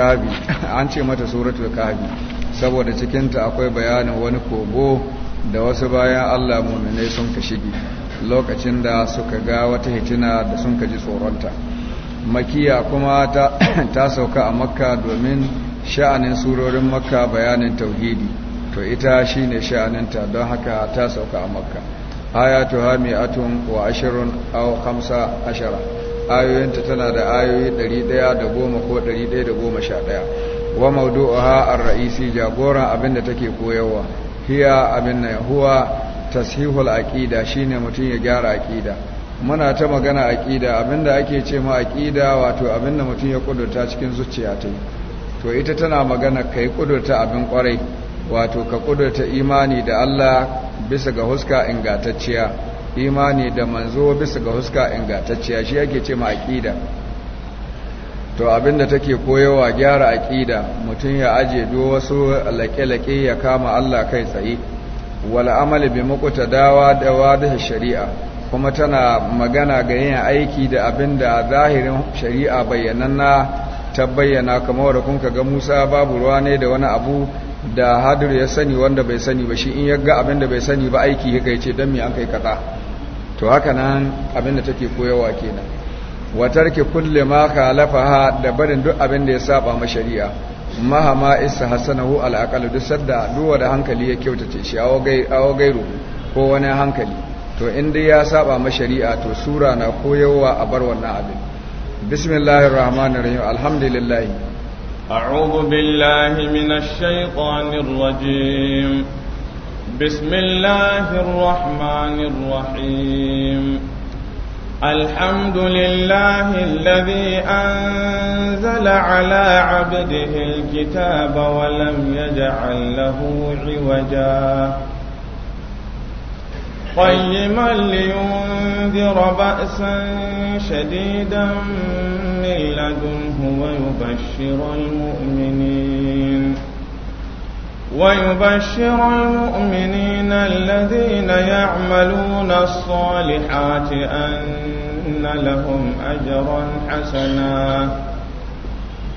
kabi an ce mata suratul kabi saboda cikinta akwai bayanin wani kogo da wasu bayan Allah muminai sun ka shige lokacin da suka ga wata hitina da sun ka ji tsoronta makiya kuma ta, sauka a makka domin sha'anin surorin makka bayanin tauhidi to ita shine sha'aninta don haka ta sauka a makka ayatu hami'atun wa ashirin aw khamsa ashara ayoyinta tana da ayoyi 110 ko 111 wa a ar-ra'isi jagoran abinda take koyarwa hiya abinna huwa tashihul aqida shine mutun ya gyara aqida muna ta magana aqida abinda ake ce ma aqida wato abinda mutun ya kudurta cikin zuciya ta to ita tana magana kai kudurta abin kwarai wato ka kudurta imani da Allah bisa ga huska ingantacciya imani da manzo bisa ga huska ingantacciya shi yake ce ma aqida to abinda take koyowa gyara aqida mutum ya aje do wasu laƙe-laƙe ya kama Allah kai tsaye wal amali bi muqtadawa da wadahi shari'a kuma tana magana ga yin aiki da abinda zahirin shari'a bayyananna ta bayyana kamar da kun ga Musa babu ruwa ne da wani abu da hadir ya sani wanda bai sani ba shi in ya ga abinda bai sani ba aiki ya kai ce don me an kai kaza to haka nan abinda take koyawa kenan wa tarki kulli ma khalafaha da barin duk abin da ya saba ma shari'a mahama isa hasanahu al aqal duk sadda duwa da hankali ya kyautace shi awo gai awo ru ko wani hankali to in dai ya saba ma shari'a to sura na koyawa a bar wannan abin bismillahir rahmanir rahim alhamdulillah a'udhu billahi minash shaitanir rajim بسم الله الرحمن الرحيم الحمد لله الذي أنزل على عبده الكتاب ولم يجعل له عوجا قيما لينذر بأسا شديدا من لدنه ويبشر المؤمنين ويبشر المؤمنين الذين يعملون الصالحات أن لهم أجرا حسنا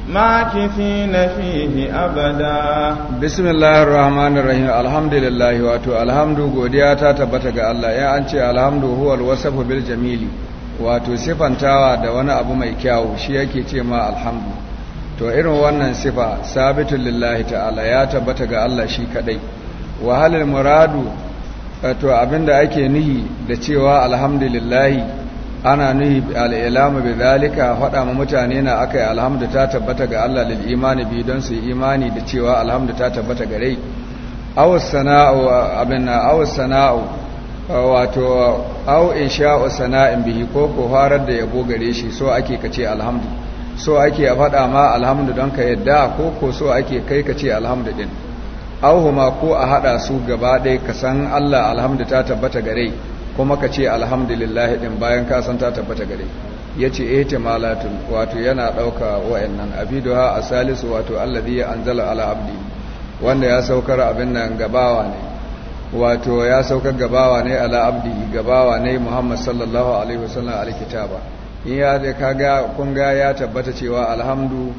ماكثين فيه أبدا بسم الله الرحمن الرحيم الحمد لله واتو الحمد وديعتا تبتغ الله يا أنتي الحمد هو الوصف بالجميل واتو سفن تاوى دوانا أبو ميكاو شيكي تيما الحمد to irin wannan sifa sabitun lillahi ta'ala ya tabbata ga Allah shi kadai wahalar muradu to abinda ake nihi da cewa alhamdulillahi ana nihi al'ilamu bi zalika hada ma mutane na aka yi alhamdu ta tabbata ga Allah lil imani bi don su yi imani da cewa alhamdu ta tabbata ga rai. aw sana'u abinna aw sana'u wato aw insha'u sana'in bihi ko ko farar da yabo gare shi so ake kace alhamdu so ake a faɗa ma alhamdu don ka yadda ko ko so ake kai ka ce alhamdu din auhuma ko a haɗa su gaba ɗaya ka san Allah alhamdu ta tabbata gare kuma ka ce alhamdu lillahi din bayan ka san ta tabbata gare ya ce ta eh, malatun wato yana ɗauka wa'annan abiduha a salisu wato alladhi ya anzala ala abdi wanda ya saukar abin nan gabawa ne wato ya saukar gabawa ne ala abdi gabawa ne Muhammad sallallahu alaihi wasallam alkitaba in ya zai ka kun ga ya tabbata cewa alhamdu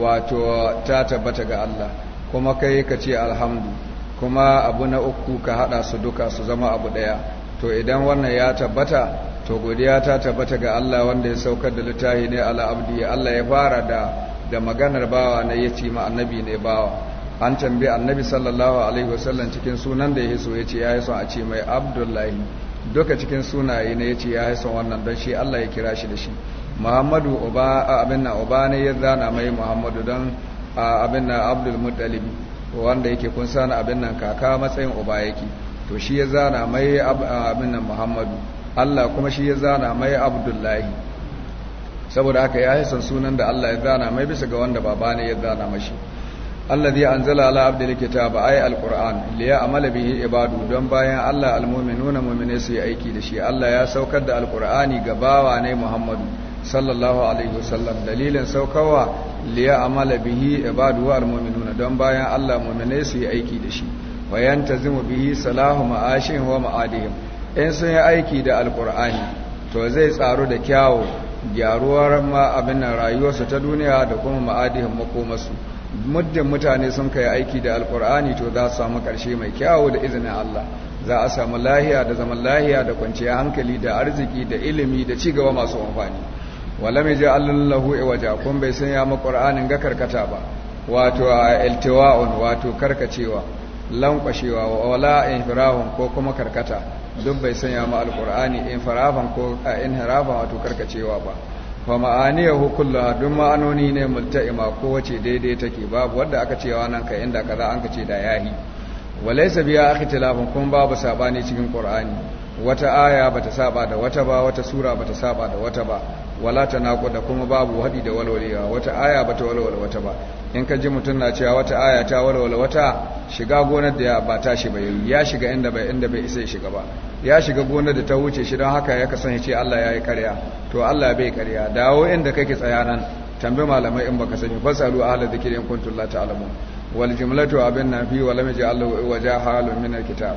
wato ta tabbata ga Allah kuma kai ka ce alhamdu kuma abu na uku ka hada su duka su zama abu daya to idan wannan ya tabbata to godiya ta tabbata ga Allah wanda ya saukar da littafi ne ala abdi Allah ya fara da da maganar bawa na yace ma annabi ne bawa an tambayi annabi sallallahu alaihi wasallam cikin sunan da ya so yace ya yi son a ce mai abdullahi duka cikin sunaye ne ya ce ya haisan wannan don shi Allah ya kira shi da shi Muhammadu abinna abin uba ne ya zana mai Muhammadu don abin Abdul mutalib wanda yake kun sani abin nan kaka matsayin uba yake to shi ya zana mai abin nan Muhammadu Allah kuma shi ya zana mai Abdullahi saboda haka ya haisan sunan da Allah ya zana mai bisa ga wanda baba ne ya zana mashi alladhi anzala ala abdil kitaba ay alquran Liya amala bihi ibadu don bayan Allah almu'minuna mu'mine su yi aiki da shi Allah ya saukar da alqurani ga bawa ne Muhammadu sallallahu alaihi wasallam dalilin saukawa liya amala bihi ibadu wa almu'minuna don bayan Allah mu'mine su yi aiki da shi wa yantazimu bihi salahu ma'ashin wa ma'adihim in sun yi aiki da alqurani to zai tsaro da kyawu gyaruwar ma abin rayuwarsu ta duniya da kuma ma'adihin makomarsu muddin mutane sun kai aiki da alkur'ani to za su samu ƙarshe mai kyawo da izinin Allah za a samu lahiya da zaman lahiya da kwanciya hankali da arziki da ilimi da cigaba masu amfani wala mai ji allallahu iwaja kun bai sanya ma qur'anin ga karkata ba wato a iltiwa'un wato karkacewa lankwashewa wala infirahun ko kuma karkata duk bai sanya ma Alƙur'ani infirafan ko inhirafa wato karkacewa ba fa ma'aniyahu kullaha duk ma'anoni ne multa'ima ko wace daidai take babu wanda aka cewa nan ka inda kaza an ka ce da yahi walaysa biya ikhtilafun kun babu sabani cikin qur'ani wata aya bata saba da wata ba wata sura bata saba da wata ba wala ta naƙuda kuma babu haɗi da walwalewa wata aya ba ta walwala wata ba in ka ji mutum na cewa wata aya ta walwala wata shiga gonar da ba ta shi ba ya shiga inda bai inda bai isa shiga ba ya shiga gonar da ta wuce shi don haka ya kasance Allah ya yi ƙarya to Allah bai ƙarya dawo inda kake tsaya nan tambi malamai in baka sani fasalu ahla dhikri in kuntum la ta'lamun wal jumlatu abin nafi wa lam Allah wa jahalun min alkitab kitab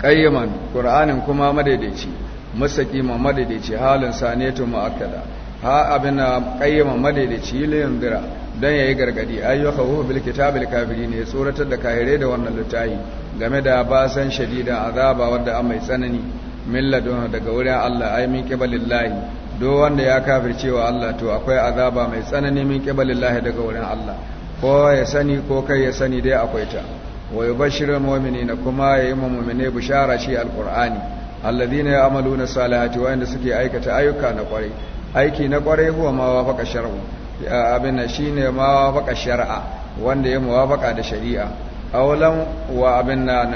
qayyiman qur'anin kuma madaidaici ma madadici halin saniyatu muakkada ha abina qayyama madadici lin dira dan yayi gargadi ayyuka wuhu bil kitabil kafirin ya tsoratar da kahire da wannan littafi game da basan shadida azaba wanda a mai tsanani milladun daga wurin Allah ay min qibalillahi do wanda ya kafircewa Allah to akwai azaba mai tsanani min qibalillahi daga wurin Allah ko ya sani ko kai ya sani dai akwai ta wa yubashirul mu'minina kuma yayi mu'mine bishara shi alqur'ani alladhina ya'maluna salihati wa'anda suke aikata ayyuka na kwarai aiki na kwarai huwa ma wafaqa shar'u abin shine ma wafaqa shar'a wanda ya muwafaqa da shari'a qawlan wa abin nan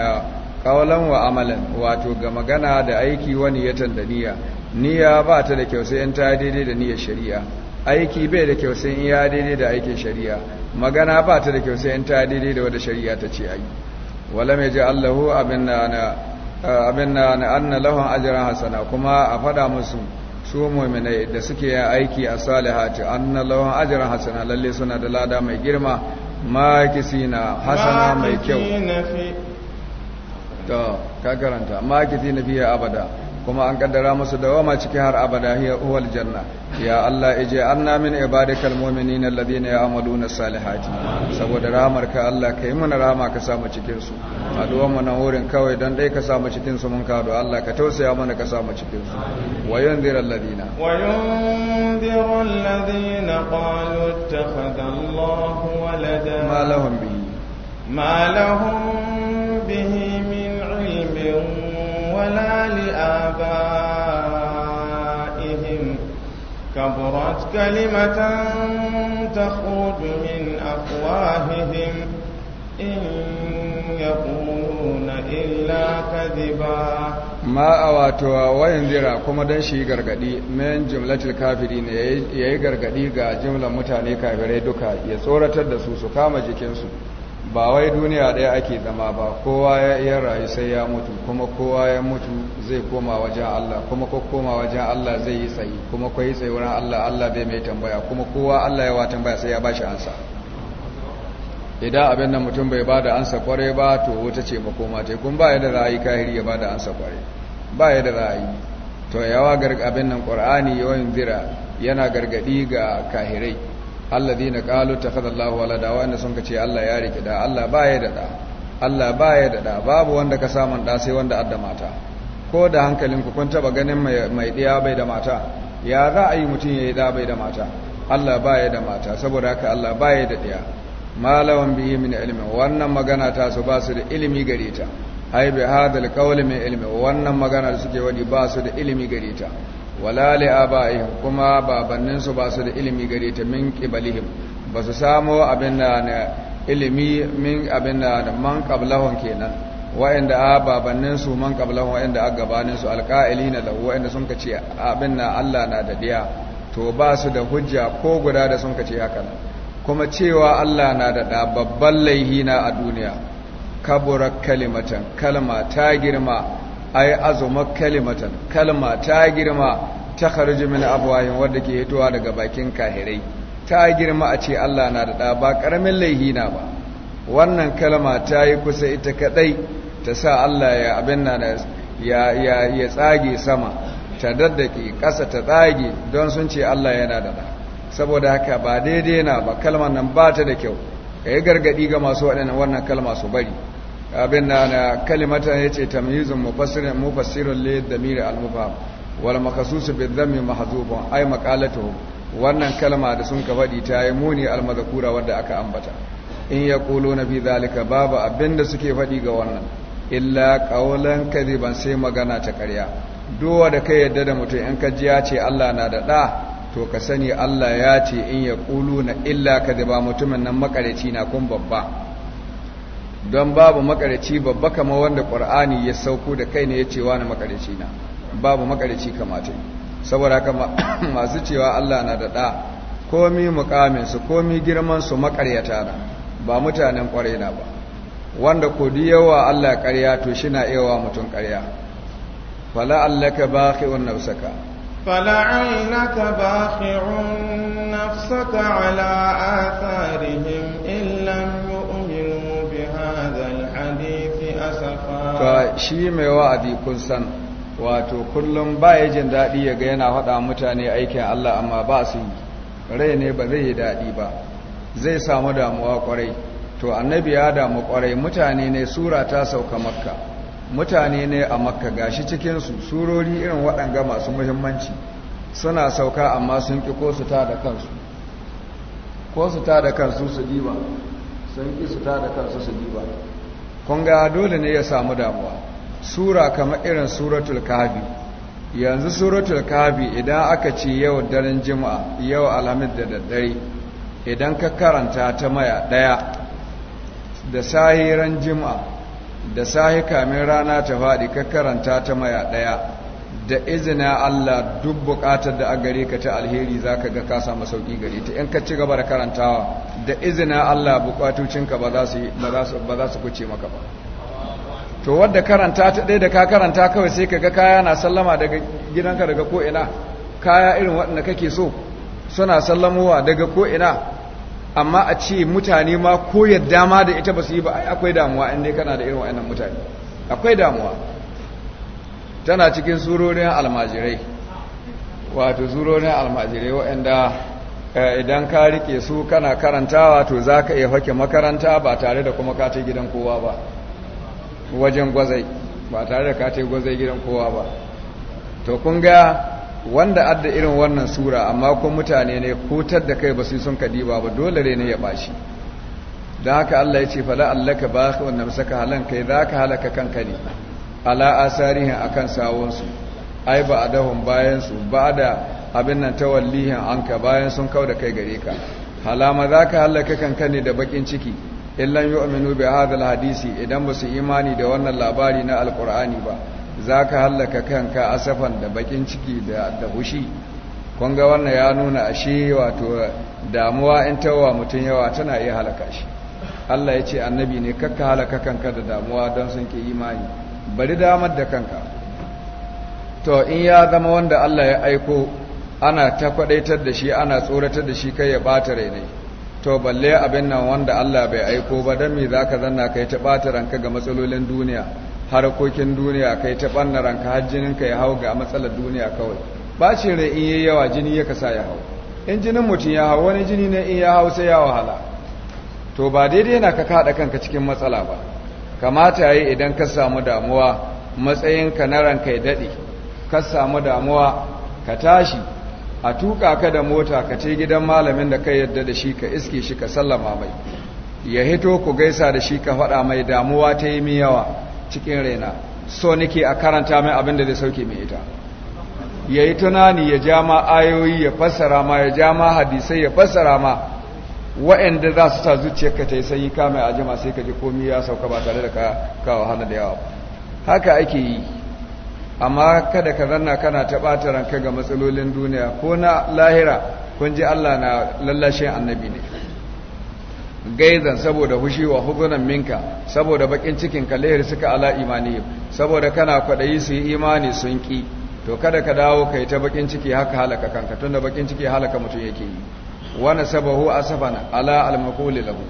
qawlan wa amalan wato ga magana da aiki wani ya tandaniya niyya ba ta da kyau sai in ta daidai da niyyar shari'a aiki bai da kyau sai in ya daidai da aikin shari'a magana ba ta da kyau sai in ta daidai da wanda shari'a ta ce ai wala mai ji Allahu abin na Eh, abin na anna lahum ajran hasana kuma a fada musu su da suke yin aiki a salihati anna lahum ajran hasana lalle suna da lada mai girma makisina hasana mai kyau to ka karanta fiye abada kuma an kaddara musu dawama ciki har abada hiya uwal janna ya Allah ije anna min ibadikal mu'minina alladhina ya'maluna salihati saboda ramarka Allah kai mana rama ka samu cikin su addu'a mu na wurin kawai dan dai ka samu cikin su mun kado Allah ka tausaya mana ka samu cikin su wa yunzir alladhina wa yunzir alladhina qalu ittakhadha Allahu walada ma lahum bihi ma lahum ولا لآبائهم كبرت كلمة تخرج من أفواههم إن يقولون إلا كذبا ma a wato wayan zira kuma don shi gargadi min jimlatul kafiri ne ya yi gargadi ga jimlar mutane kafirai duka ya tsoratar da su su kama jikinsu ba wai duniya ɗaya ake zama ba kowa ya iya rayu sai ya mutu kuma kowa ya mutu zai koma wajen Allah kuma ko koma wajen Allah zai yi tsayi kuma ko yi tsayi wurin Allah Allah bai mai tambaya kuma kowa Allah ya wa tambaya sai ya ba shi ansa idan abin nan mutum bai ba da ansa kware ba to wuta ce makoma ta kun ba ya da ra'ayi kahiri ya da ansa kware ba ya da ra'ayi to yawa garg abin nan qur'ani yawan zira yana gargadi ga kahirai kada Allah takhadallahu da wanda sun ce Allah ya rike da Allah ba ya daɗa, Allah ba ya daɗa. babu wanda ka samun ɗa sai wanda adda mata ko da hankalinku kun taba ganin mai mai diya bai da mata ya za a yi mutum yi da bai da mata Allah ba ya da mata saboda haka Allah baya da diya malawan bihi min ilmin wannan magana ta su ba su da ilimi gare ta ai bi hadal qawli min ilmi wannan magana da suke wadi ba su da ilimi gare ta wala li abaihim kuma babannin su ba su da ilimi gare ta min qibalihim ba su samo abin da ilimi min abin da man qablahum kenan wa'anda a babannin su man qablahum wa'anda a gabanin su alqa'ilina lahu wa'anda sun kace abin na Allah na da diya to ba su da hujja ko guda da sun kace haka kuma cewa Allah na da babban laihina a duniya kabura kalimatan kalma ta girma ai azuma kalimatan kalma ta girma ta kharaju min afwahin wanda ke hitowa daga bakin kahirai ta girma a ce Allah na da ba karamin laihi na ba wannan kalma ta yi kusa ita kadai ta sa Allah ya abin na ya tsage sama ta daddake ƙasa ta tsage don sun ce Allah yana da da saboda haka ba daidai na ba kalmar nan ba ta da kyau ka yi gargaɗi ga masu waɗannan wannan kalma su bari abin na eh, kalimata ya ce tamyizun mufassirin mufassirin le damir al-mufaham wal makasusu bi dhammi mahzubun ay maqalatu wannan kalma da sun ka faɗi ta yi muni al almazakura wanda aka ambata in ya ƙulo fi zalika babu abin suke faɗi ga wannan illa ƙaunar kadiban sai magana ta ƙarya duwa da kai yadda da mutum in ka ji ya ce allah na da ɗa to ka sani allah ya ce in ya illa kadiba mutumin nan makareci na kun babba don babu makareci babba kamar wanda ƙur'ani ya sauko da kai ne ya ce wani makareci na babu makarici kamata saboda haka masu cewa Allah na da ɗa komi mukamin su komi girman su makaryata na ba mutanen kwarai na ba wanda ko yawa Allah ƙarya to shi na wa mutum ƙarya fala allaka bakhi'un nafsaka fala aynaka bakhi'un nafsaka ala atharihim illam yu'minu bi hadha alhadith asafa to shi mai wa'adi kun san wato kullum ba ya jin daɗi ya ga yana faɗa mutane aikin Allah amma ba su yi rai ne ba zai yi daɗi ba zai samu damuwa ƙwarai to annabi ya damu ƙwarai mutane ne sura ta sauka makka mutane ne a makka gashi cikinsu surori irin waɗanga masu muhimmanci suna sauka amma sun ƙi ko su ta da kansu ko su ta da kansu su diba sun ƙi su ta da kansu su diba kun ga dole ne ya samu damuwa sura kama irin suratul kabi yanzu suratul kabi idan aka ce yau daren jima'a yau alhamis da daddare idan ka karanta ta maya daya da sahiran jima'a da sahi kamin rana ta faɗi ka karanta ta maya daya da izina Allah duk buƙatar da a gare ka ta alheri za ka ga ka samu sauƙi gare ta in ka ci gaba da karantawa da izina Allah buƙatocinka ba za su kuce maka ba to wadda karanta ta ɗaya da ka karanta kawai sai ka ga kaya na sallama daga gidanka daga ko'ina kaya irin waɗanda kake so suna sallamowa daga ko'ina amma a ce mutane ma ko yadda ma da ita ba su yi ba akwai damuwa inda kana da irin waɗannan mutane akwai damuwa tana cikin surorin almajirai wato surorin almajirai waɗanda eh, idan ka rike su kana karantawa to za ka iya hake makaranta ba tare da kuma ka gidan kowa ba wajen gwazai ba tare da katai gwazai gidan kowa ba to kun ga wanda adda irin wannan sura amma ko mutane ne kotar da kai ba su sun kadi ba dole ne ya bashi don haka Allah ya ce fala allaka ba ka wannan saka halan kai za ka halaka kanka ne ala asarihin akan sawonsu ai ba adahun bayan su ba da abin nan tawallihin anka bayan sun kau da kai gare ka halama za ka halaka kanka ne da bakin ciki illan yu'minu bi hadhal hadisi idan ba su imani da wannan labari na alqur'ani ba zaka hallaka kanka asafan da bakin ciki da da hushi kun ga wannan ya nuna ashe wato damuwa in tawa mutun yawa tana iya halaka shi Allah ya ce annabi ne kakka halaka kanka da damuwa don sun ki imani bari damar da kanka to in ya zama wanda Allah ya aiko ana ta kwadaitar da shi ana tsoratar da shi kai ya bata rai ne to balle abin nan wanda Allah bai aiko ba don me za ka zanna ka yi ta ɓata ranka ga matsalolin duniya harkokin duniya kai yi ta ɓanna ranka har jinin ka ya hau ga matsalar duniya kawai Ba ce ne in yi yawa jini ya kasa ya hau in jinin mutum ya hau wani jini ne in ya hau sai ya wahala to ba daidai yana ka kaɗa kanka cikin matsala ba kamata ya yi idan ka samu damuwa matsayinka na ranka ya daɗe ka samu damuwa ka tashi a tuka ka da mota ka ce gidan malamin da kai yadda da shi ka iske shi ka sallama mai ya hito ku gaisa da shi ka faɗa mai damuwa ta yi mi yawa cikin raina so nake a karanta mai abin da zai sauke mai ita ya yi tunani ya ja ma ayoyi ya fassara ma ya ja ma hadisai ya fassara ma waɗanda za su sa ka ta yi sanyi kame a jima sai ka ji komi ya sauka ba tare da ka wahala da yawa haka ake yi amma kada ka zanna kana ta ɓata ranka ga matsalolin duniya ko na lahira kun ji Allah na lallashin annabi ne gaizan saboda hushi wa huzunan minka saboda bakin cikin ka lahir suka ala imani saboda kana kwaɗayi su yi imani sun ƙi to kada ka dawo ka yi ta bakin ciki haka halaka kanka tunda bakin ciki halaka mutum yake yi wani sabahu asafan ala almakuli lahu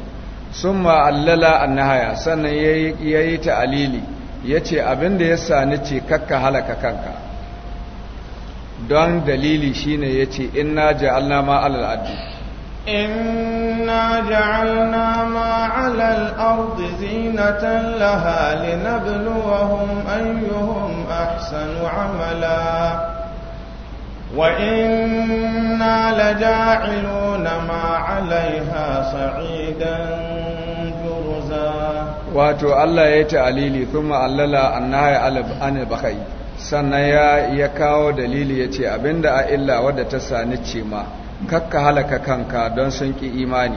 summa allala annahaya sannan yayi ta alili ya ce abin da ya sani ce kakka halaka kanka don dalili shine ya ce inna ja'alna ma alal addi inna ja'alna ma alal ardi zinatan laha linabluwahum ayyuhum ahsanu amala وإنا لجاعلون ما عليها صعيدا جرزا wato Allah ya ta'alili kuma allala annaya anil bakai sannan ya kawo dalili ya ce abinda a illa wadda ta sani ce ma kakka halaka kanka don sun ki imani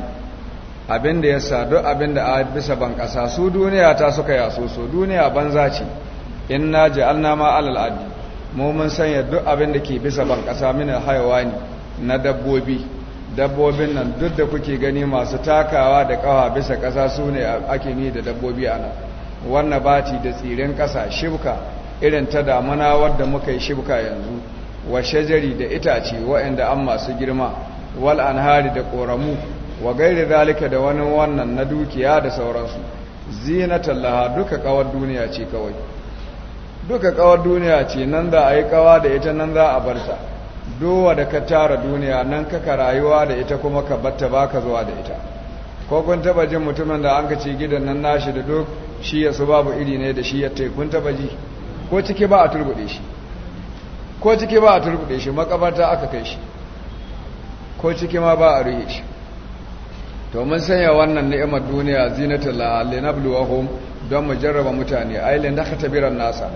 abinda ya sa duk abinda a bisa ban kasa su duniya ta suka yaso su duniya banza ce in na ji alnama alal adi mu sanya duk abinda ke bisa ban kasa mini ne na dabbobi dabbobin nan duk da kuke gani masu takawa da ƙawa bisa ƙasa su ne ake ni da dabbobi a nan wannan bati da tsirin ƙasa shibka irin ta damuna wadda muka yi shibka yanzu wa shajari da itace waɗanda an masu girma wal anhari da ƙoramu wa gairi zalika da wani wannan na dukiya da sauransu zina laha duka kawar duniya ce kawai duka kawar duniya ce nan za a yi kawa da ita nan za a barta dowa da ka tara duniya nan kaka rayuwa da ita kuma ka batta ba ka zuwa da ita ko kun taba jin mutumin da an ka ci gidan nan nashi da duk shi ya su babu iri ne da shi ya tai kun taba ji ko ciki ba a turbuɗe shi ko ciki ba a turbuɗe shi makabarta aka kai shi ko ciki ma ba a ruhe shi to mun sanya wannan ni'imar duniya zinatul linabluwahum don mu jarraba mutane ai lin nasa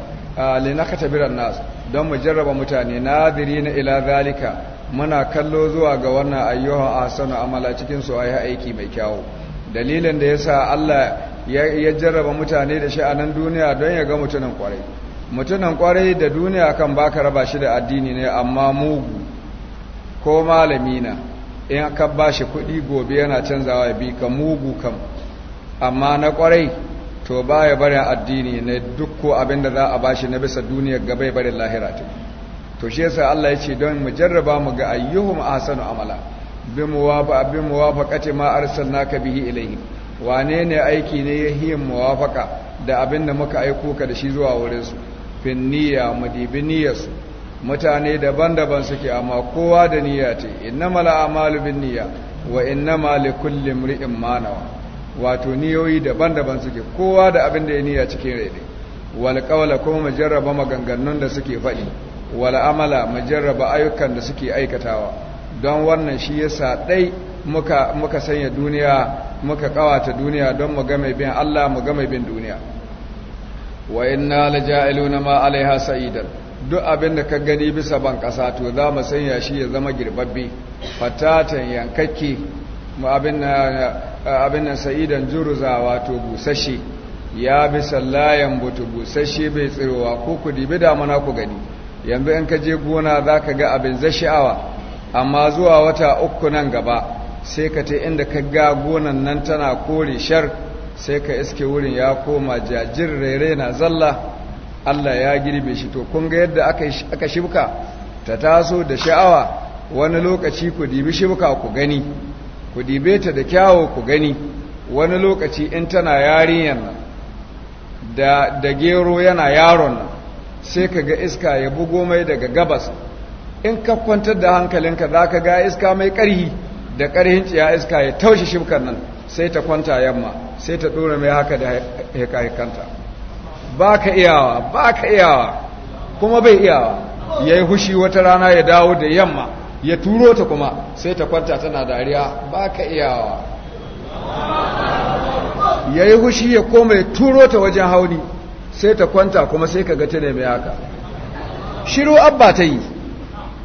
linakatabiran nas don mu jarraba mutane na ila zalika muna kallo zuwa ga wannan ayyuha asana amala cikin su ayi aiki mai kyau dalilin da yasa Allah ya jarraba mutane da sha'anan duniya don ya ga mutunan kwarai mutunan kwarai da duniya kan baka raba shi da addini ne amma mugu ko malami na in ka ba shi kuɗi gobe yana canzawa ya bi ka mugu kam amma na kwarai to ba ya barin addini ne duk ko za a bashi na bisa duniyar gaba ya barin lahira ta to shi yasa Allah ya ce don mu jarraba mu ga ayyuhum ahsanu amala bi muwafa bi muwafaqati ma arsalnaka bihi ilayhi wane ne aiki ne ya yahi muwafaka da abinda muka aiko ka da shi zuwa wurin su fin niyya mudibi niyyarsu mutane daban-daban suke amma kowa da niyya ce innamal a'malu bin niyya wa innamal likulli imri'in ma nawa wato niyoyi daban-daban suke kowa da abin da ya niya cikin rai wala kawala kuma majarraba maganganun da suke faɗi wala amala majarraba ayyukan da suke aikatawa don wannan shi yasa dai muka muka sanya duniya muka kawata duniya don mu ga bin Allah mu ga bin duniya wa inna laja'iluna ma alaiha sa'idan duk abin da ka gani bisa ban ƙasa to za mu sanya shi ya zama girbabbe fatatan yankakke mu abin na abin nan sa'idan juruza wato busashe ya bi sallayan butu busashe bai tsirowa ko ku dibi damuna ku gani yanzu in ka je gona za ka ga abin za sha'awa amma zuwa wata uku nan gaba sai ka ta inda ka ga gonan nan tana kore shar sai ka iske wurin ya koma jajir rere na zalla Allah ya girbe shi to kun ga yadda aka shibka ta taso da sha'awa wani lokaci ku dibi shibka ku gani ku dibe ta da kyawo ku gani wani lokaci in tana yarinyar nan da da gero yana yaron nan sai ka ga iska ya bugo mai daga gabas in ka kwantar da hankalinka za ka ga iska mai ƙarhi da ƙarhin ciya iska ya taushe shimkan nan sai ta kwanta yamma sai ta ɗora mai haka da hekahekanta ba ka iyawa ba ka iyawa kuma bai iyawa ya yi hushi wata rana ya dawo da yamma ya turo ta kuma sai ta kwanta tana dariya ba ka iyawa ya yi hushi ya koma ya turo ta wajen hauni sai ta kwanta kuma sai ka gata ne mai haka shiru abba ta yi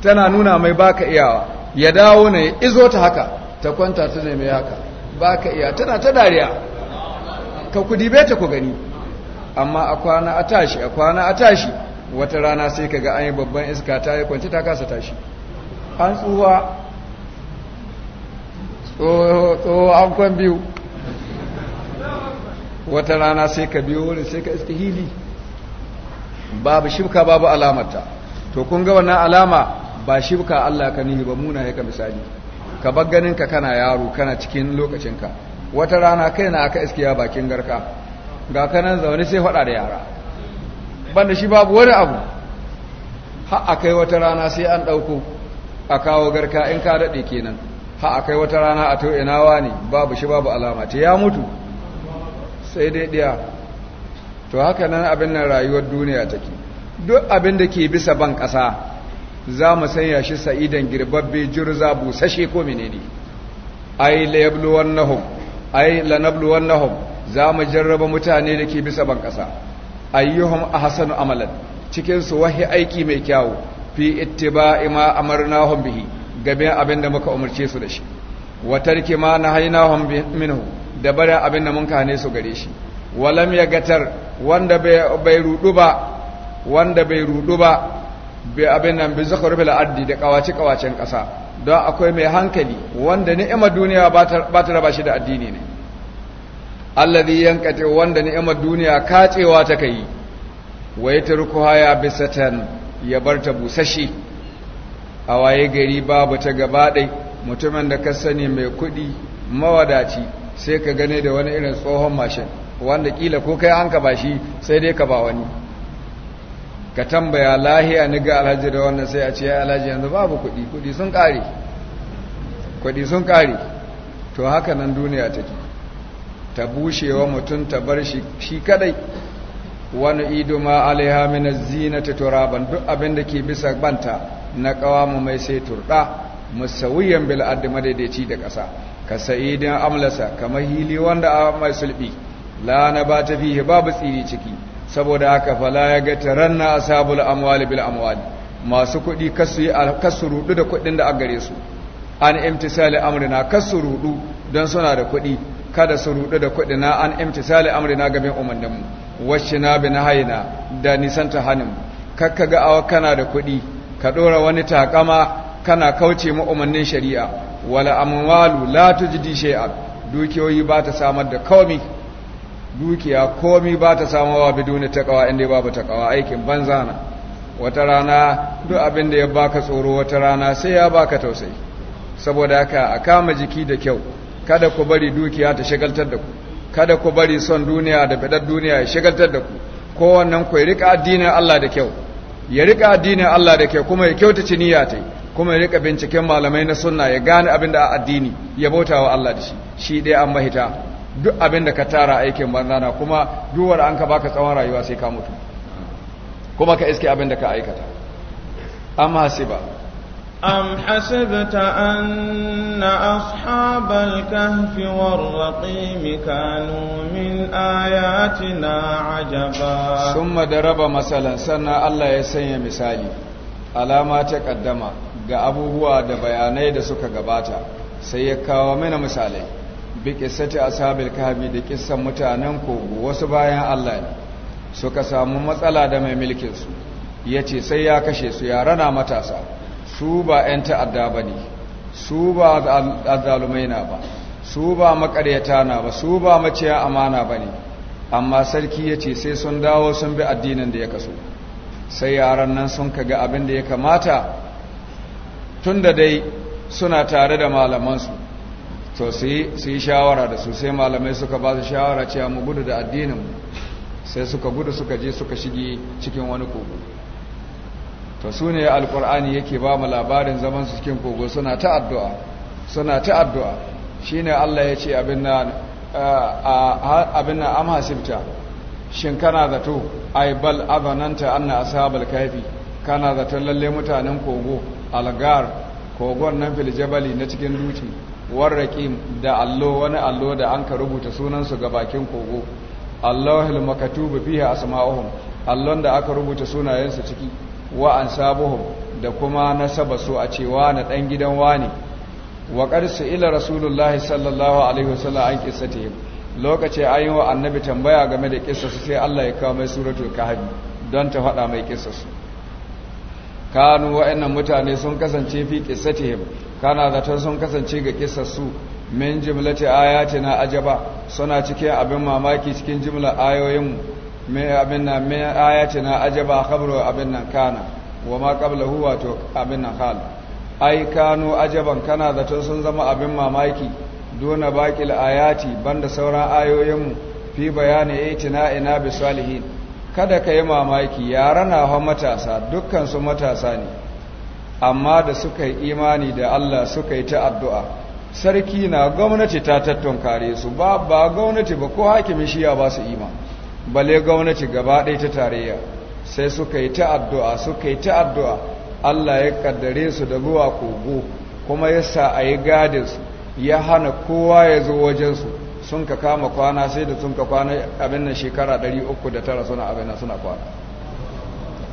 tana nuna mai ba ka iyawa ya dawo na ya izo ta haka ta kwanta ta ne mai haka ba ka iya tana ta dariya ka dibe ta ku gani amma a kwana a tashi a kwana a tashi wata rana sai ka ga an yi babban iska ta yi kwanci ta kasa tashi an tsuwa tsohon kwan biyu wata rana sai ka biyo wurin sai ka istihili babu shibka babu alamata to kun ga wannan alama ba shibka Allah ka nihi ba muna yaka misali ka bar ka kana yaro kana cikin lokacinka wata rana kai na aka iskiya bakin garka ga kanan zaune sai faɗa da yara banda shi babu wani abu ha’a kai wata rana sai an ɗauko a kawo garka in ka daɗe kenan ha kai wata rana a na ne babu shi babu alama ta ya mutu sai dai ɗiya to haka nan abin nan rayuwar duniya take duk abin da ke bisa ban ƙasa za mu sanya shi sa'idan girbabbe jirza busashe ko menene ai layabluwannahum ai lanabluwannahum za mu jarraba mutane da ke bisa ban ƙasa ayyuhum ahsanu amalan cikin su wahi aiki mai kyawu fi ittiba'i ma amarnahum bihi game abin da muka umarce su da shi wa tarki ma nahaynahum minhu da bare abin da mun kane su gare shi walam ya gatar wanda bai rudu ba wanda bai rudu ba bi abin nan bi zakharufil addi da kawace kawacen kasa don akwai mai hankali wanda ni'imar duniya ba ta raba shi da addini ne alladhi yanqati wanda ni'imar duniya kacewa ta kai wa yatrukuha ya bisatan ya bar ta busashe a waye gari babu ta gabaɗai mutumin da ka sani mai kuɗi mawadaci sai ka gane da wani irin tsohon mashin wanda kila ko kai an ka ba shi sai dai ka ba wani ka tambaya lahiya ni ga alhaji da wannan sai a ce ya alhaji yanzu babu kuɗi kuɗi sun ƙare kuɗi sun ƙare to haka nan duniya take ta bushewa mutum ta bar shi kadai wani ido ma alaiha zina ta turaban duk abin da ke bisa banta na mu mai sai turda musawiyan bil madaidaici da ƙasa ka sa'idin amlasa kamar hili wanda a mai sulbi la na ba ta fihi babu tsiri ciki saboda haka fala ya ga taranna ashabul amwali bil amwali masu kuɗi kasu rudu da kuɗin da a gare su an imtisali amrina kasu rudu don suna da kuɗi kada su rudu da kuɗi na an imtisali amrina gaban umarninmu wacce na bi na haina da nisan ta hannun kakka ga awa kana da kuɗi ka ɗora wani takama kana kauce ma'umannin shari'a wala amwalu la tujdi shay'an dukiyoyi ba ta samar da komi dukiya komi ba ta samawa biduni taqwa inda babu taqwa aikin banza na wata rana duk abin da ya baka tsoro wata rana sai ya baka tausayi saboda haka a kama jiki da kyau kada ku bari dukiya ta shagaltar da ku kada ku bari son duniya da fadar duniya ya shigaltar da ku kowannen ku rika addinin Allah da kyau ya rika addinin Allah da kyau kuma ya ci niyya ta kuma ya rika binciken malamai na sunna ya gane abin da addini ya bauta wa Allah da shi shi dai an mahita duk abin da ka tara aikin na kuma duwar an ka baka tsawon rayuwa sai ka mutu kuma ka iske abin da ka aikata amma hasiba أم حسبت أن أصحاب الكهف والرقيم كانوا من آياتنا عجبا ثم درب مثلا سنة الله يسني مثالي alama ta ƙaddama ga abubuwa da bayanai da suka gabata sai ya kawo mana misalai bi kissati ashabil kahfi da ƙisan mutanen kogo wasu bayan Allah ne suka samu matsala da mai mulkin su ya ce sai ya kashe su ya rana matasa su ba 'yan ta'adda ba ne su ba azalumai na ba su ba makaryata na ba su ba maciya amana ba ne amma sarki ya ce sai sun dawo sun bi addinin da ya kaso sai yaran nan sun kaga abin da ya kamata tun da dai suna tare da malamansu to su yi shawara da su sai malamai suka ba su shawara cewa mu gudu da addininmu sai suka gudu suka je suka shige cikin wani kogo to su ne alkur'ani yake ba mu labarin zaman su cikin kogo suna ta addu'a suna ta addu'a ne Allah ya ce abin na amma sifta shin kana zato ai bal abananta anna asabar kaifi kana zaton lalle mutanen kogo algar kogon nan filjabali na cikin duki warraƙin da allo wani allo da an ka rubuta sunansu ga bakin kogo allahul makatubu fiha asma'uhum allon da aka rubuta sunayensu ciki wa da kuma nasaba su a cewa na ɗan gidan wani wa qarsu ila rasulullahi sallallahu alaihi wasallam an qissatihim lokaci ayi wa annabi tambaya game da su sai Allah ya kawo mai suratul kahf don ta faɗa mai su kanu wa'annan mutane sun kasance fi yi kana zaton sun kasance ga su min jimlati ayatina ajaba suna cikin abin mamaki cikin jimlar ayoyin mai abin nan min ayatina ajaba abin nan kana wa ma qablahu wato abin nan hal ai kano ajaban kana zaton sun zama abin mamaki dona baƙil ayati banda sauran ayoyinmu fi bayani itina ina bi salihin kada ka yi mamaki yara na hau matasa dukansu matasa ne amma da suka yi imani da Allah suka yi ta addu'a sarki na gwamnati ta tattunkare su ba ba gwamnati ba ko hakimin shiya ba su ima bale gwamnati gaba ɗaya ta tarayya sai suka yi ta addu'a suka yi ta addu'a Allah ya kaddare su da zuwa kogo kuma ya sa a yi gadinsu ya hana kowa ya zo wajensu sun ka kama kwana sai da sun ka kwana abin nan shekara 309 suna abin nan suna kwana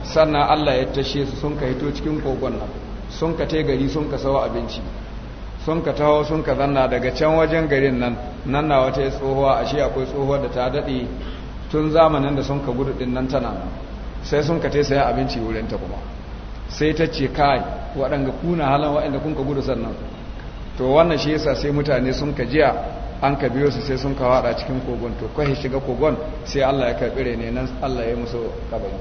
sannan Allah ya tashe su sun ka hito cikin kogon nan sun ka tai gari sun ka sawa abinci sun ka taho sun ka zanna daga can wajen garin nan nan na wata tsohuwa ashe akwai tsohuwa da ta daɗe tun zamanin da sun ka gudu din nan tana sai sun ka te saya abinci wurin ta kuma sai ta ce kai waɗanda kuna halin waɗanda kun ka gudu sannan to wannan shi yasa sai mutane sun ka jiya an ka biyo su sai sun ka wada cikin kogon to kai shiga kogon sai Allah ya karbi ne nan Allah ya musu kabari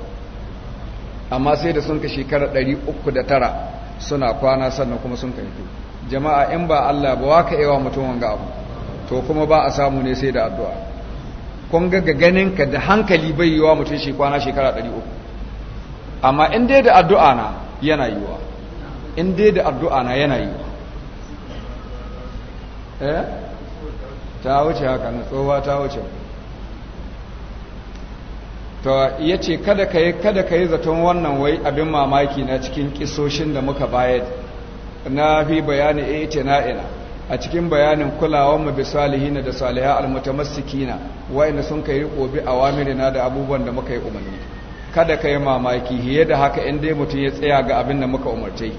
amma sai da sun ka shekara 309 suna kwana sannan kuma sun ka fito jama'a in ba Allah ba waka yawa mutum wanga abu to kuma ba a samu ne sai da addu'a kun ga ganin ka da hankali bai yiwa mutum shi kwana shekara 300 amma in dai da addu'a na yana yiwa in dai da addu'a na yana yiwa eh ta wuce haka na tsowa ta wuce to ya ce kada ka yi kada ka yi zaton wannan wai abin mamaki na cikin kisoshin da muka bayar na fi bayani eh ce na ina a cikin bayanin kulawan mu bi salihina da salihai almutamassikina wa'anda sun kai riko bi awamirina da abubuwan da muka yi umarni kada ka yi mamaki hiye da haka in dai mutum ya tsaya ga abin da muka umarce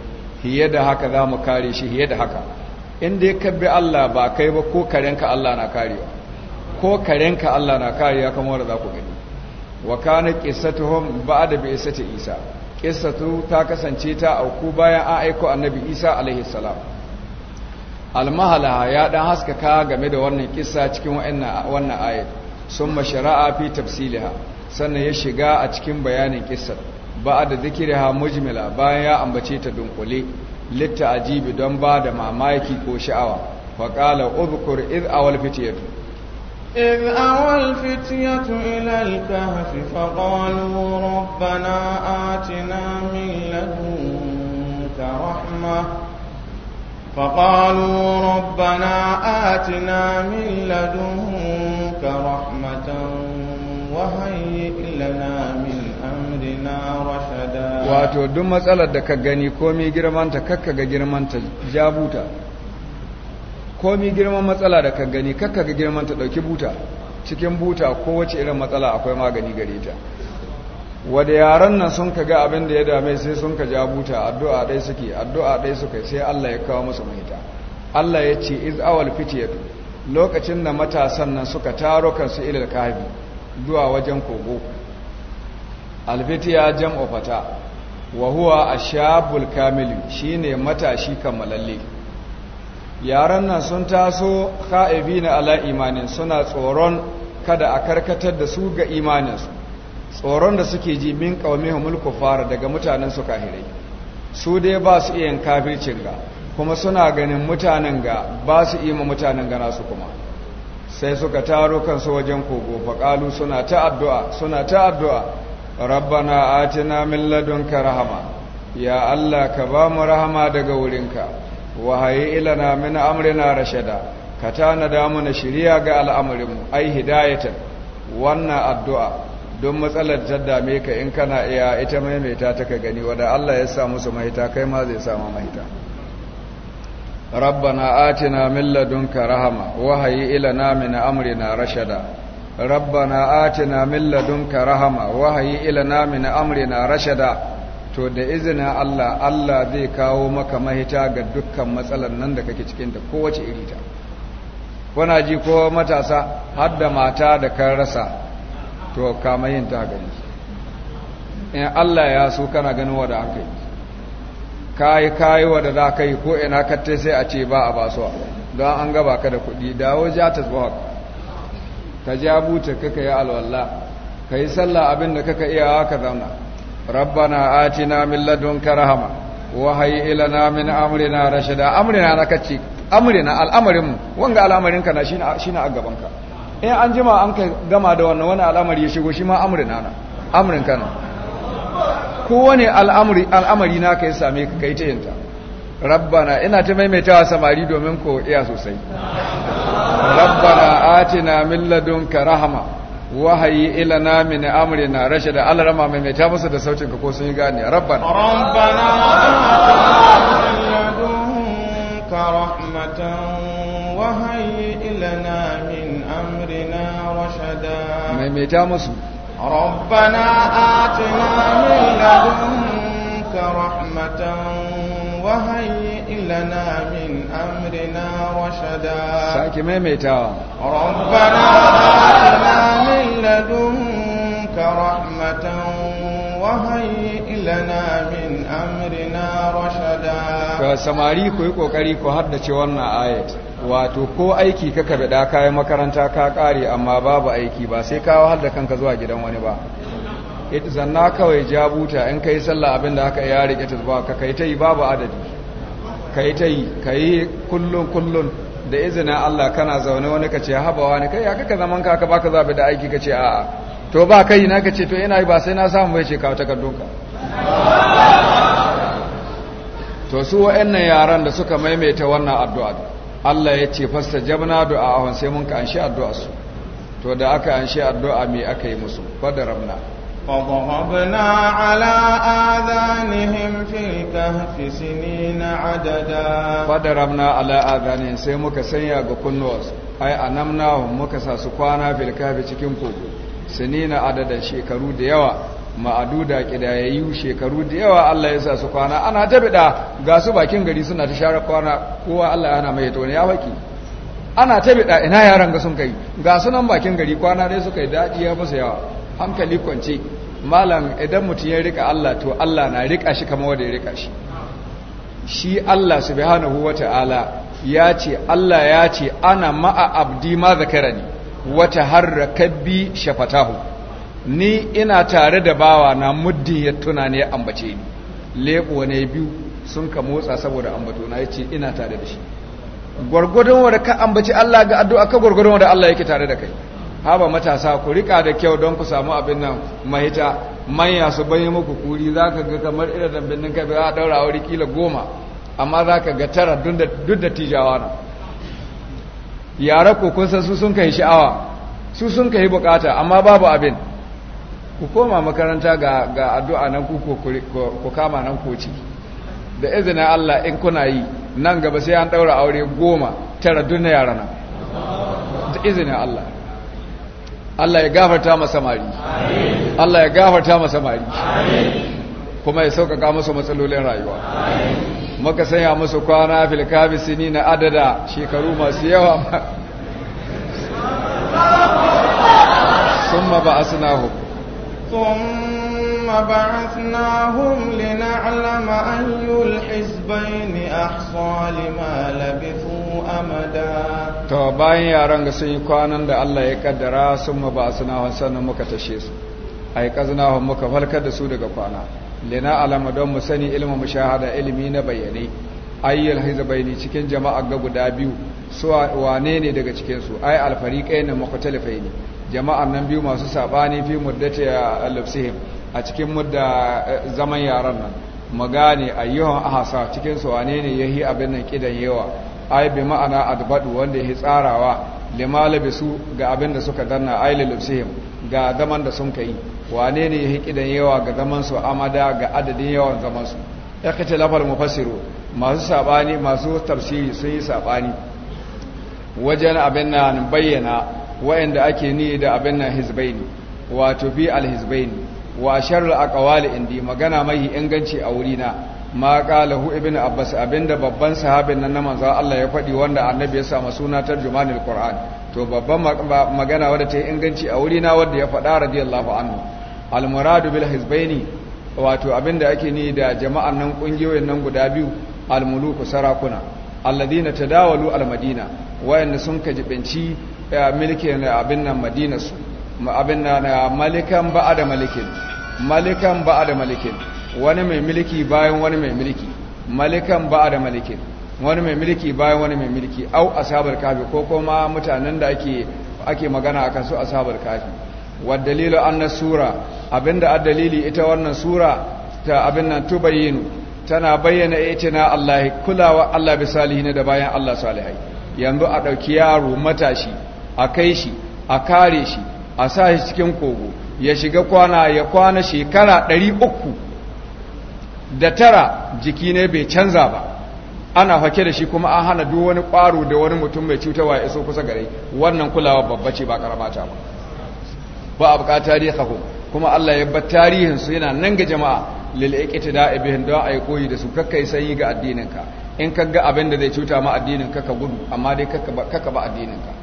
hiye da haka za mu kare shi hiye da haka in dai ka bi Allah ba kai ba ko karenka Allah na karewa ko karenka Allah na karewa kamar wanda za ku gani wa kana qissatuhum ba'da bi isati isa qissatu ta kasance ta auku bayan an aiko annabi isa alaihi salam almahala ya dan haskaka game da wannan kissa cikin wannan ayat sun mashara'a fi tafsiliha sannan ya shiga a cikin bayanin kissar ba da zikiriha mujmila bayan ya ambace ta dunkule litta ajibi don ba da mamaki ko sha'awa faƙala ubkur iz awal fitiyatu إذ أوى الفتية إلى الكهف فقالوا ربنا آتنا من لدنك رحمة فقالوا ربنا آتنا من لدنك رحمة وهيئ لنا من أمرنا رشدا واتو دم مسألة دكا غني كومي جرمانتا ككا جرمانتا جابوتا komi girman matsala da ka gani kakka ga girman ta dauki buta cikin buta kowace irin matsala akwai magani gare ta wada yaren nan sun ga abin da ya dame sai sun ka buta addu'a ɗai suke addu'a ɗai suka sai Allah ya kawo musu mahita Allah ya ce iz awal fitiyatu lokacin da matasan nan suka taro kansu ilil kabi zuwa wajen kogo alfitiya jam'u ofata wa huwa ashabul shi shine matashi kamalalle yaran nan sun taso kha'ibina ala imanin suna tsoron kada a karkatar da su ga imaninsu tsoron da suke ji min mulku fara daga mutanen su kahirai su dai ba su iya kafircin ga kuma suna ganin mutanen ga ba su iya ma mutanen gana su kuma sai suka taro kansu wajen kogo faƙalu suna ta addu'a suna ta addu'a rabbana atina min ladunka rahama ya Allah ka ba mu rahama daga wurinka wahayi ilana min amrina rashada ka tana da na shiriya ga al'amarinmu ai hidayatan wannan addu'a don matsalar ta dame ka in kana iya ita maimaita ta ka gani wadda Allah ya sa su mahita kai ma zai samu mahita rabbana atina min ladunka rahama wa ila na min amrina rashada rabbana atina min ladunka rahama wa ila na min amrina rashada to da izinin Allah Allah zai kawo maka mahita ga dukkan matsalar nan da kake cikin da kowace irita kuna ji ko matasa har da mata da kan rasa to kama yin ta gani in Allah ya so kana ganin wada an kai kayi kayi wada za ka yi ko ina kattai sai a ce ba a basuwa don an gaba ka da kuɗi dawo ja ta zuwa ka ja buta kaka yi alwalla ka yi sallah abin da kaka iya ka zauna rabbana atina min ka rahama wa ila na min amrina rashida amrina na kace amrina al'amarin wanga al'amarin ka na shine shine a gaban ka in an jima an ka gama da wannan wani al'amari ya shigo shi ma amurin nana amurin kana kowane al'amari al'amari na ka yi same ka kai ta yinta rabbana ina ta maimaitawa samari domin ko iya sosai rabbana atina min ladunka rahama wahayi ilana min amrina rashada Allah rama maimaita musu da sautin ka ko sun yi gane rabbana rabbana atina min ladunka rahmatan maimaita musu rabbana atina min ladunka rahmatan wa hayyi lana min amrina rashada sake maimaitawa rabbana atina min ladunka rahmatan wa hayyi lana min amrina rashada ka samari ku yi kokari ku haddace wannan ayat wato ko aiki ka kabe da kayan makaranta ka kare amma babu aiki ba sai kawo har da kanka zuwa gidan wani ba ita zanna kawai jabuta in kai sallah abin abinda aka ya rike ta zuwa ka kai ta yi babu adadi kai ta yi kai kullun kullun da izinin Allah kana zaune wani ka ce habawa ne kai ya kaka zaman ka ka baka zabi da aiki ka ce a'a to ba kai na ka ce to ina yi ba sai na samu bai ce kawo takardunka to su wa'annan yaran da suka maimaita wannan addu'a Allah ya ce fasta jabna du'a ahun sai mun ka anshi addu'a su to da aka anshi addu'a me aka yi musu fadarabna فضربنا على آذانهم في الكهف سنين عددا فضربنا على آذانهم sai muka sanya ga kunnuwarsu ai anamnahum muka sasu kwana fil kahfi cikin kogo sinina adadan shekaru da yawa ma'aduda kidayayyu shekaru da yawa Allah ya sa su kwana ana ta ga su bakin gari suna ta share kwana kowa Allah yana mai to ne ya baki ana ta ina yaran ga sun kai ga su nan bakin gari kwana dai suka yi daɗi ya musu yawa hankali kwance malam idan mutum ya rika Allah to Allah na rika shi kamar wanda ya rika shi shi Allah subhanahu wata'ala ya ce Allah ya ce ana ma'a abdi ma zakarani wata harraka bi shafatahu ni ina tare da bawa na muddin ya tuna ne ya ambace ni lebo ne biyu sun ka motsa saboda ambato na yace ina tare da shi gwargwadon wanda ka ambaci Allah ga addu'a ka gwargwadon wanda Allah yake tare da kai haba matasa ku rika da kyau don ku samu abin nan mahita manya su bayyana muku kuri zaka ga kamar irin dambinin kai za a daura wuri kila goma amma zaka ga tara duk da tijawa na yara ko kun san su sun kai sha'awa su sun kai bukata amma babu abin ku koma makaranta ga addu'a nan ku kama nan ku ciki da izinin Allah in kuna yi nan gaba sai an ɗaura aure goma tara duna yara nan da izinin Allah Allah ya gafarta masa mari Allah ya gafarta masa mari kuma ya sauƙaƙa musu matsalolin rayuwa maka sanya musu kwana filkabi sini na adada shekaru masu yawa sun ma ba a suna hukun ثم بعثناهم لنعلم أي الحزبين أحصى لما لبثوا أمدا to bayan yaran ga sun yi kwanan da Allah ya kaddara sun ma ba su nawa sannan muka tashe su ai kazna muka falkar da su daga kwana lina alama don mu sani mu shahara, ilimi na bayyane ayyul hizbaini cikin jama'a ga guda biyu su wane ne daga cikin su ai alfariqain muqtalifaini jama'ar nan biyu masu sabani fi muddata ya lubsihim a cikin mudda eh, zaman yaran nan magane ayyuhan ahasa cikin su wane ne yahi abin nan kidan yawa ai bi ma'ana adbadu wanda yi tsarawa limalabi su ga abin da suka danna ai lilubsihim ga zaman da sun kai wane ne yahi kidan yawa ga zaman su amada ga adadin yawan zaman su ikhtilafal mufassiru masu sabani masu tafsiri sun yi saɓani wajen abin nan bayyana Wa'inda ake ni da abin nan hizbaini wato fi alhizbaini wa a aqwali indi magana mai inganci a wurina ma qala hu abbas abinda babban sahabin nan na manzo Allah ya faɗi wanda annabi ya samu suna tarjumanil qur'an to babban magana wadda ta inganci a wurina wadda ya faɗa radiyallahu anhu al muradu bil hizbaini wato da ake ni da jama'an nan kungiyoyin nan guda biyu al muluku sarakuna alladina tadawalu al madina wayanda sun kajibinci Eh, na eh, abin nan madina su abin nan eh, malikan ba'a da malikin malikan ba'a da malikin wani mai milki bayan wani mai milki malikan ba'a da malikin wani mai milki bayan wani mai milki au asabar kafi ko kuma mutanen da ake ake magana akan su asabar kafi wad dalilu anna sura abinda ad dalili ita wannan sura ta abin nan tubayinu tana bayyana ita na Allah kulawa Allah bi salihin da bayan Allah salihai yanzu a dauki yaro matashi a kai shi a kare shi a sa shi cikin kogo ya shiga kwana ya kwana shekara ɗari uku da tara jiki ne bai canza ba ana hake da shi kuma an hana duk wani ƙwaro da wani mutum mai cutarwa ya iso kusa gare wannan kulawa babba ce ba karamata ba ba a bukata tarihi kuma Allah ya bar tarihin su yana nan ga jama'a lil iqtida'i bihim don ai koyi da su kakkai sanyi ga addininka in kaga abin da zai cuta ma addinin ka ka gudu amma dai kaka ba addinin ka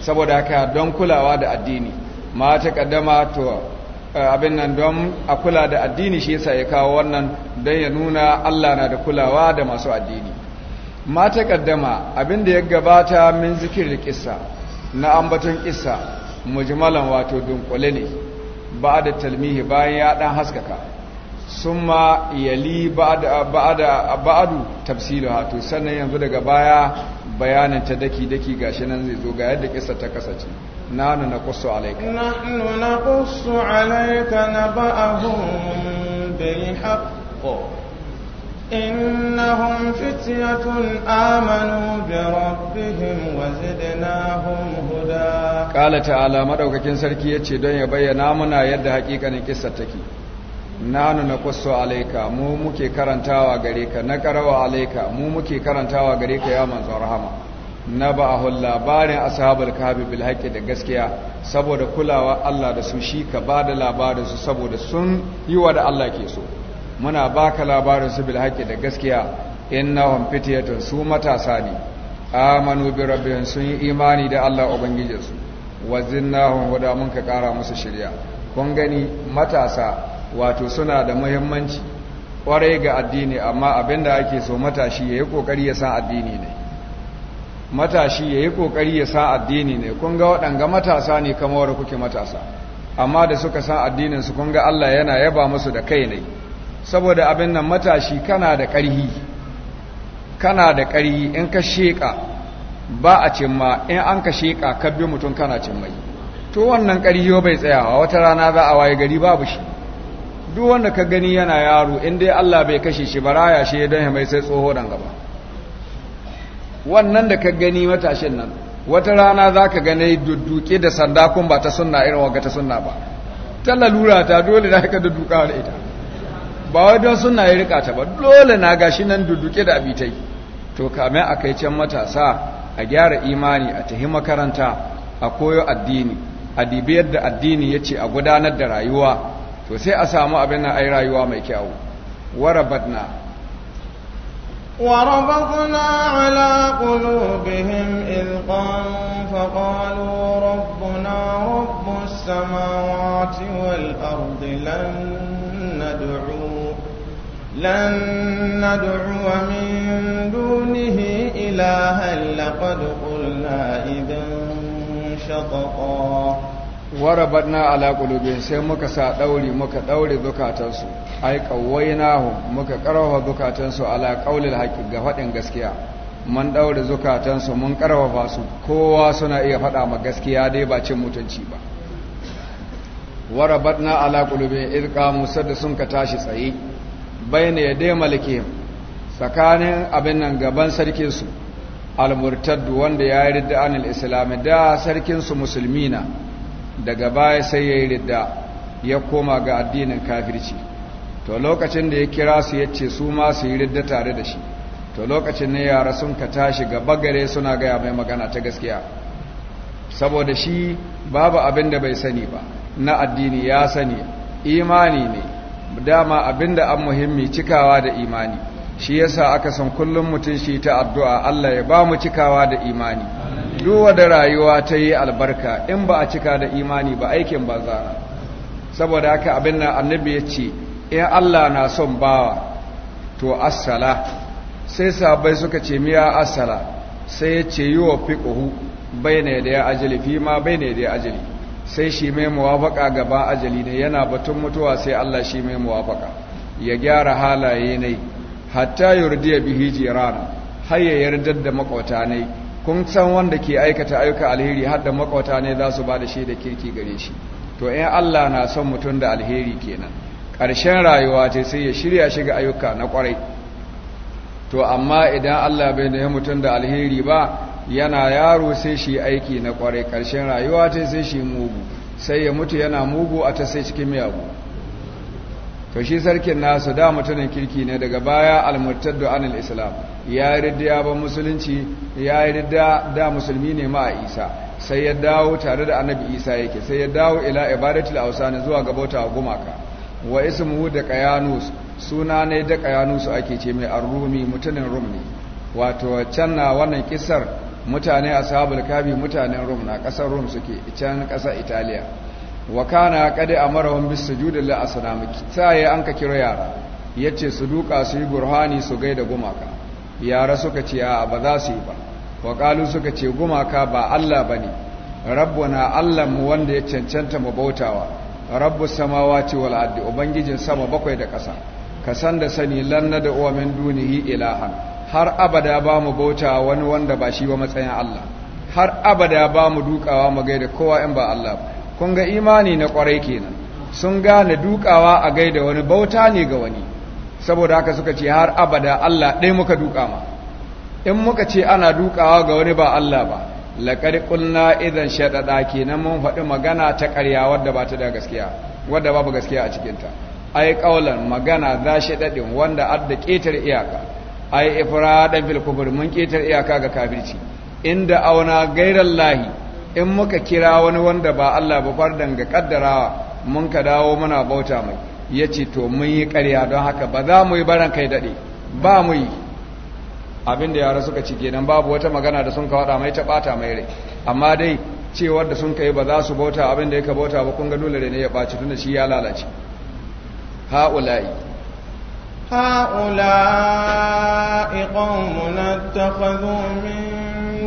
saboda haka don kulawa da addini ma ta kaddama to eh, abin nan don a kula da addini shi yasa ya kawo wannan don ya nuna Allah na da kulawa da masu addini ma ta kaddama abin da ya gabata min da kisa na ambaton kissa mujmalan wato dunkule ne ba da talmihi bayan ya dan haskaka summa yali ba'adu tafsilu to sannan yanzu daga baya bayanin ta daki daki gashi nan zai zo ga yadda kisa ta kasace nanu na qussu alayka nahnu naqussu alayka naba'ahum bil haqq innahum fityatun amanu bi rabbihim wazidnahum huda qala ta'ala madaukakin sarki yace don ya bayyana muna yadda hakikanin kissa take nanu na kusso alaika mu muke karantawa gare ka na karawa alaika mu muke karantawa gare ka ya manzon rahama na ba ba'ahul labarin ashabul kahfi bil haqqi da gaskiya saboda kulawa Allah da su shi ka bada labarin su saboda sun yi wa da Allah ke so muna baka labarin su bil haqqi da gaskiya innahum fitiyatun su matasa ne amanu bi rabbihim sun yi imani da Allah ubangijinsu wazinnahum huda mun ka kara musu shirya kun gani matasa wato suna da muhimmanci kwarai ga addini amma abinda ake so matashi ya yi kokari ya san addini ne matashi ya yi kokari ya san addini ne kun ga waɗanga matasa ne kama wadda kuke matasa amma da suka san addinin su kun ga Allah yana yaba musu da kai ne saboda abin nan matashi kana da ƙarhi kana da ƙarhi in ka sheƙa ba a cimma in an ka sheƙa ka bi mutum kana cimmai to wannan ƙarhi bai tsayawa wata rana za a waye gari babu shi duk wanda ka gani yana yaro in dai Allah bai kashe shi ba raya shi don ya mai sai tsoho don gaba wannan da ka gani matashin nan wata rana za ka gane dudduke da sanda kun ba ta sunna irin waga ta sunna ba ta lalura ta dole na ka dudduka wani ita ba wai don suna ya rika ta ba dole na gashi nan dudduke da abitai to kamar a kai can matasa a gyara imani a tahi makaranta a koyo addini a dibiyar da addini ya ce a gudanar da rayuwa to sai a samu abin na ayi rayuwa mai kyau warabatna warabatna ala qulubihim ilqan fa qalu rabbuna rabbus samawati wal ardi lan nad'u لن ندعو من دونه إلها لقد قلنا إذا شططا warabanna ala qulubihim sai muka sa dauri muka daure zukatansu ai qawainahu muka karfafa zukatansu ala qaulil haqqi ga fadin gaskiya mun daure zukatansu mun karfafa su kowa suna iya fada ma gaskiya dai ba cin mutunci ba warabanna ala qulubihim id musadda da sun ka tashi tsaye bayna yaday malike tsakanin abin nan gaban sarkin su al-murtad wanda ya yi anil islam da sarkin su musulmina daga baya sai ya yi ridda ya koma ga addinin kafirci to lokacin da ya kira su ya ce su ma su yi ridda tare da shi to lokacin na yara sun ka tashi gaba gare suna gaya mai magana ta gaskiya saboda shi babu abin da bai sani ba na addini ya sani imani ne dama abin da an muhimmi cikawa da imani shi yasa aka san kullum mutum shi ta addu'a Allah ya ba mu cikawa da imani duwa da rayuwa ta yi albarka in ba a cika da imani ba aikin ba za saboda haka abin nan annabi ya ce in Allah na son bawa to assala sai sabai suka ce miya asala sai ya ce yi wa fiƙuhu bai ne da ya ajali fi ma bai ne da ya ajali sai shi mai muwafaka gaba ajali ne yana batun mutuwa sai Allah shi mai muwafaka ya gyara halaye ne hatta yurdiya bihi jirana har ya yarda da makwata ne kun san wanda ke aikata ayyuka alheri har da makwata ne za su ba da shi da kirki gare shi to in Allah na son mutum da alheri kenan ƙarshen rayuwa ce sai ya shirya shiga ayyuka na ƙwarai to amma idan Allah bai da mutum da alheri ba yana yaro sai shi aiki na ƙwarai ƙarshen rayuwa ce sai shi mugu sai ya mutu yana mugu a ta sai cikin miyagu to shi sarkin nasu da mutumin kirki ne daga baya almurtaddu anil islam ya ridda ya musulunci ya ridda da musulmi ne ma a isa sai ya dawo tare da annabi isa yake sai ya dawo ila ibadatul awsan zuwa ga bauta gumaka wa ismuhu da qayanus suna ne da qayanus ake ce mai arrumi mutumin rum ne wato can na wannan kisar mutane ashabul kabi mutanen rum na kasar rum suke can kasar italiya wa kana qad amarahum bis sujudi lil asnam kitaye an ka kira yara yace su duka su yi burhani su gaida gumaka yara suka ce a ba za su yi ba wa qalu suka ce gumaka ba Allah bane rabbuna Allah mu wanda ya cancanta mu bautawa rabbus samawati wal ardi ubangijin sama bakwai da ƙasa ka san da sani lan da uwa min dunihi ilahan har abada ba mu bauta wani wanda ba shi ba matsayin Allah har abada ba mu dukawa mu gaida kowa in ba Allah ba kun ga imani na kwarai kenan sun gane dukawa a gaida wani bauta ne ga wani saboda haka suka ce har abada Allah ɗai muka duka ma in muka ce ana dukawa ga wani ba Allah ba laƙar ƙulna idan shaɗaɗa kenan mun faɗi magana ta ƙarya wadda ba ta da gaskiya wadda babu gaskiya a cikinta ai ƙaulan magana za shi daɗin wanda adda ƙetar iyaka ai ifradan ɗan mun ƙetar iyaka ga kafirci inda auna gairar lahi in muka kira wani wanda ba Allah ba fardan ga kaddarawa mun ka dawo muna bauta mai ya ce to mun yi ƙarya don haka ba za mu yi baran kai daɗe ba mu yi abin da yara suka ci kenan babu wata magana da sun ka waɗa mai ta ɓata mai rai amma dai cewar da sun ka yi ba za su bauta abin da ya ka bauta ba kun ga dole ne ya ɓaci tunda shi ya lalace ha'ula'i ha'ula'i qawmun attakhadhu min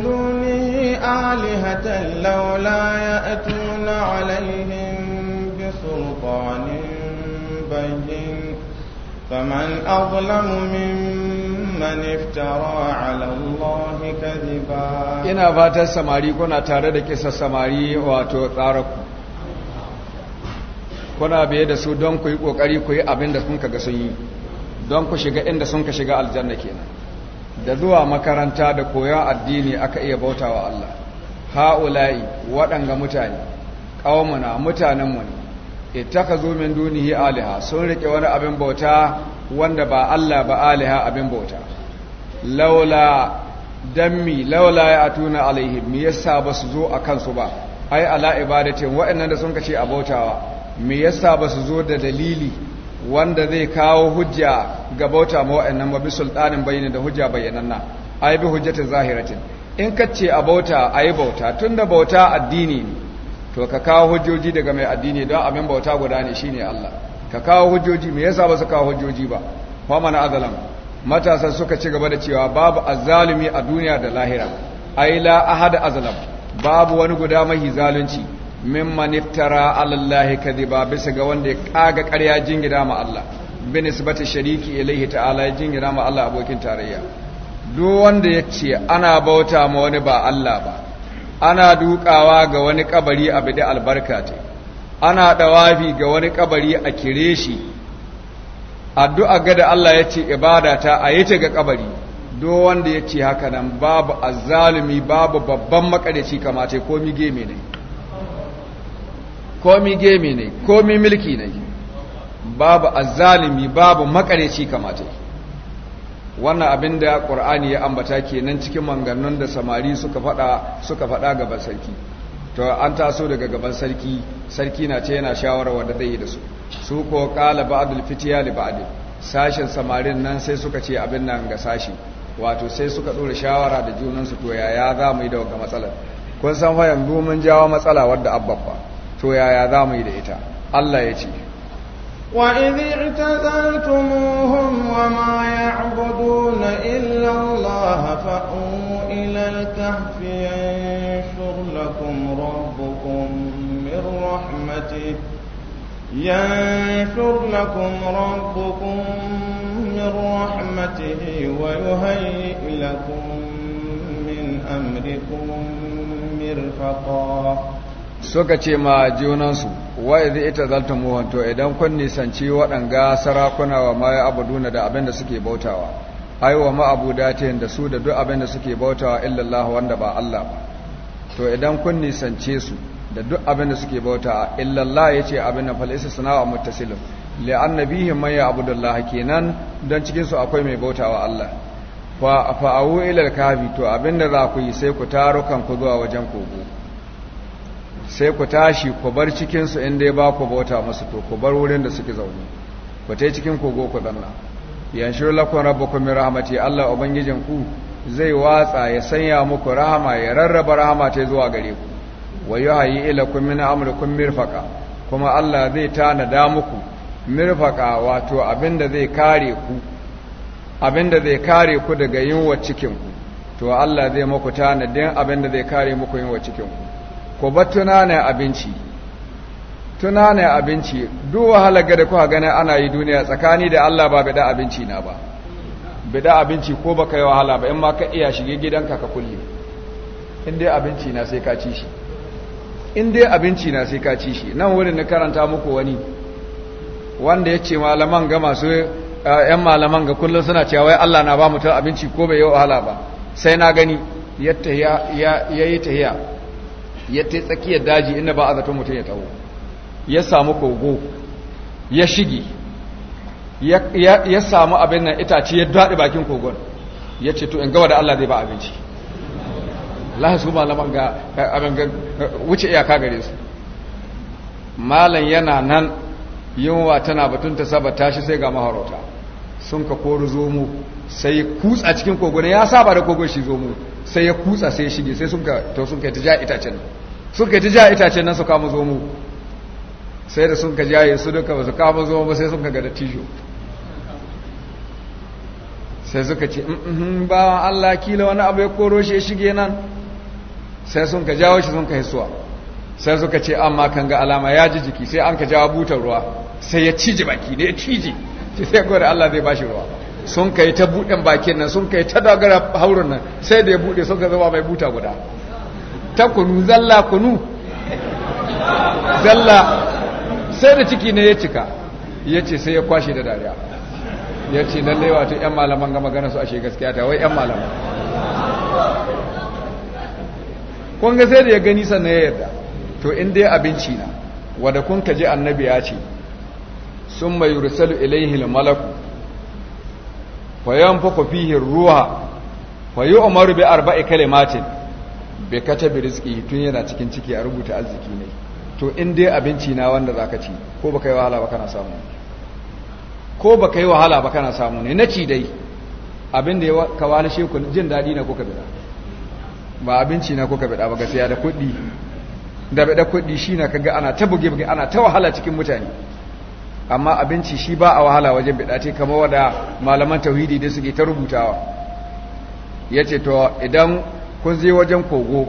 من دونه آلهة لولا يأتون عليهم بسلطان بين فمن أظلم ممن افترى على الله كذبا ina fatan samari kuna tare da kisa samari wato ku. kuna biye da su don ku yi kokari ku yi abin da sun kaga sun yi don ku shiga inda sun ka shiga aljanna kenan da zuwa makaranta da koyon addini aka iya bautawa Allah ha'ula'i waɗanga mutane ƙaumuna mutanenmu ne ittaka min dunihi aliha sun riƙe wani abin bauta wanda ba Allah ba aliha abin bauta laula dammi laula ya atuna alaihim me yasa ba su zo a kansu ba ai ala ibadatin waɗannan da sun kace a bautawa me yasa ba su zo da dalili wanda zai kawo hujja ga bauta ma wa'annan ba bi sultanin bayyana da hujja bayyananna yi bi hujjatin zahiratin in ka ce a bauta a yi bauta tunda bauta addini ne to ka kawo hujjoji daga mai addini don abin bauta guda ne shi ne Allah ka kawo hujjoji me yasa ba su kawo hujjoji ba fa mana azalam matasa suka ci gaba da cewa babu azalumi a duniya da lahira ai la ahad azalam babu wani guda mahi zalunci mimman iftara alallahi ba bisa ga wanda ya kaga ƙarya jingina ma Allah bin isbati shariki ilaihi ta'ala ya jingina ma Allah abokin tarayya duk wanda ya ce ana bauta ma wani ba Allah ba ana dukawa ga wani kabari a bidi albarka ce ana dawafi ga wani kabari a kire shi addu'a ga da Allah ya ce ibada ta a yi ta ga kabari duk wanda ya ce haka nan babu azzalumi babu babban makarici kamata ko mige ne komi gemi ne komi milki ne babu azalimi babu makareci kamata wannan abin da ƙur'ani ya ambata kenan cikin manganun da samari suka faɗa suka gaban sarki to an taso daga gaban sarki sarki na ce yana shawara wanda zai yi da su su ko qala ba'dul fitiya li ba'd sashin samarin nan sai suka ce abin nan ga sashi wato sai suka dora shawara da junansu to ya za mu yi da wannan matsalar kun san fa yanzu mun jawo matsala wadda abba to yaya za mu yi da ita Allah ya ce وإذ اعتزلتموهم وما يعبدون إلا الله فأووا إلى الكهف ينشر لكم ربكم من رحمته ينشر لكم ربكم من رحمته ويهيئ لكم من أمركم مرفقا suka ce ma junansu wa idza ita wa to idan kun nisanci waɗanga sarakuna wa ma abuduna da abin da suke bautawa ai wa ma abudatin da su da duk abin da suke bautawa illallah wanda ba Allah ba to idan kun nisance su da duk abin da suke bautawa illallah yace abin da falisa sana'a muttasilun li mai man abudullah kenan dan cikin su akwai mai bautawa Allah fa fa'u ila al-kahfi to abin da za ku yi sai ku taro kan ku zuwa wajen kogo sai ku tashi ku bar cikinsu in dai ba ku bauta musu to ku bar wurin da suke zaune ku ta cikin kogo ku danna yanshur lakum rabbukum min rahmati Allah ubangijin ku zai watsa ya sanya muku rahama ya rarraba rahama ta zuwa gare ku wa yuhayyi ilakum min amrikum mirfaqa kuma Allah zai tanada muku mirfaqa wato abinda zai kare ku abinda zai kare ku daga yunwa cikin ku to Allah zai muku tanadin abinda zai kare muku yunwa cikin ku ku ba tunanin abinci tunanin abinci duk wahala ga kuka gani ana yi duniya tsakani da Allah ba bida abinci na ba bida abinci ko baka yi wahala ba in ma ka iya shige gidanka ka kulle in dai abinci na sai ka ci shi in dai abinci na sai ka ci shi nan wurin na karanta muku wani wanda ya ce malaman ga masu ‘yan malaman ga kullum suna cewa wai Allah na ba mutum abinci ko bai yi wahala ba sai na gani ya yi tahiya ya ta tsakiyar daji inda ba a zaton mutum ya taho ya samu kogo ya shige ya samu abin nan itace ya daɗi bakin kogon ya ce to in gawa da Allah zai ba abinci Allah su malaman ga abin ga wuce iyaka gare su malam yana nan yunwa tana batun ta saba tashi sai ga maharauta sun ka kori zomo sai ya kutsa cikin kogon ya saba da kogon shi zomo sai ya kutsa sai ya shige sai sun ka to sun ka ta ja itacen nan suka ta ja itacen nan su kama zo mu sai da sun ka jaye su duka ba su kama zo ba sai sun ka gada tijo sai suka ce mm, mm, mm, bawan Allah kila wani abu ya koro shi ya shige nan sai sun ka jawo shi sun ka hisuwa sai suka ce amma kan ga alama ya ji jiki sai an ka jawo butar ruwa sai ya cije baki ne ya cije sai sai gore Allah zai bashi ruwa sun kai ta buɗin bakin nan sun kai ta dogara haurin nan sai da ya buɗe sun ka zama mai buta guda ta kunu zalla kunu zalla sai da ciki ne ya cika ya ce sai ya kwashe da dariya ya ce lewa ta 'yan malaman ga magana su ashe gaskiya ta wai 'yan malaman kun ga sai da ya gani sannan ya yarda to in dai abinci na wadda kun kaji annabi ya ce sun mai rusalu ilaihi malaku fayan fa fihin ruwa fayi umaru bi arba'i kalimatin bai kace bi rizki tun yana cikin ciki a rubuta arziki ne to in dai abinci na wanda zaka ci ko baka yi wahala ba kana samu ko baka yi wahala ba kana samu ne na ci dai abin da ya kawana shi ku jin dadi na ko ka bida ba abinci na ko ka bida ba siya da kuɗi da bada kuɗi shi na kaga ana ta buge buge ana ta wahala cikin mutane amma abinci shi ba a wahala wajen bida ce kamar wada malaman tauhidi da suke ta rubutawa yace to idan kun je wajen kogo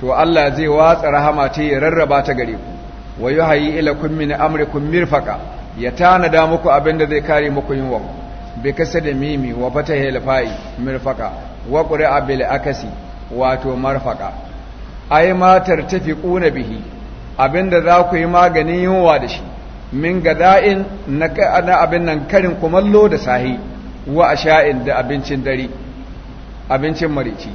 to Allah zai watsa rahama ta ya rarraba ta gare ku wa yi hayi ila kun amri kun mirfaka ya tanada muku abin da zai kare muku yunwa kasa da mimi wa fatahi alfai mirfaka wa a bil akasi wato a ai matar ƙuna bihi abin da za ku yi maganin yunwa da shi min gada'in na abin nan karin kumallo da sahi wa asha'in da abincin dare abincin marici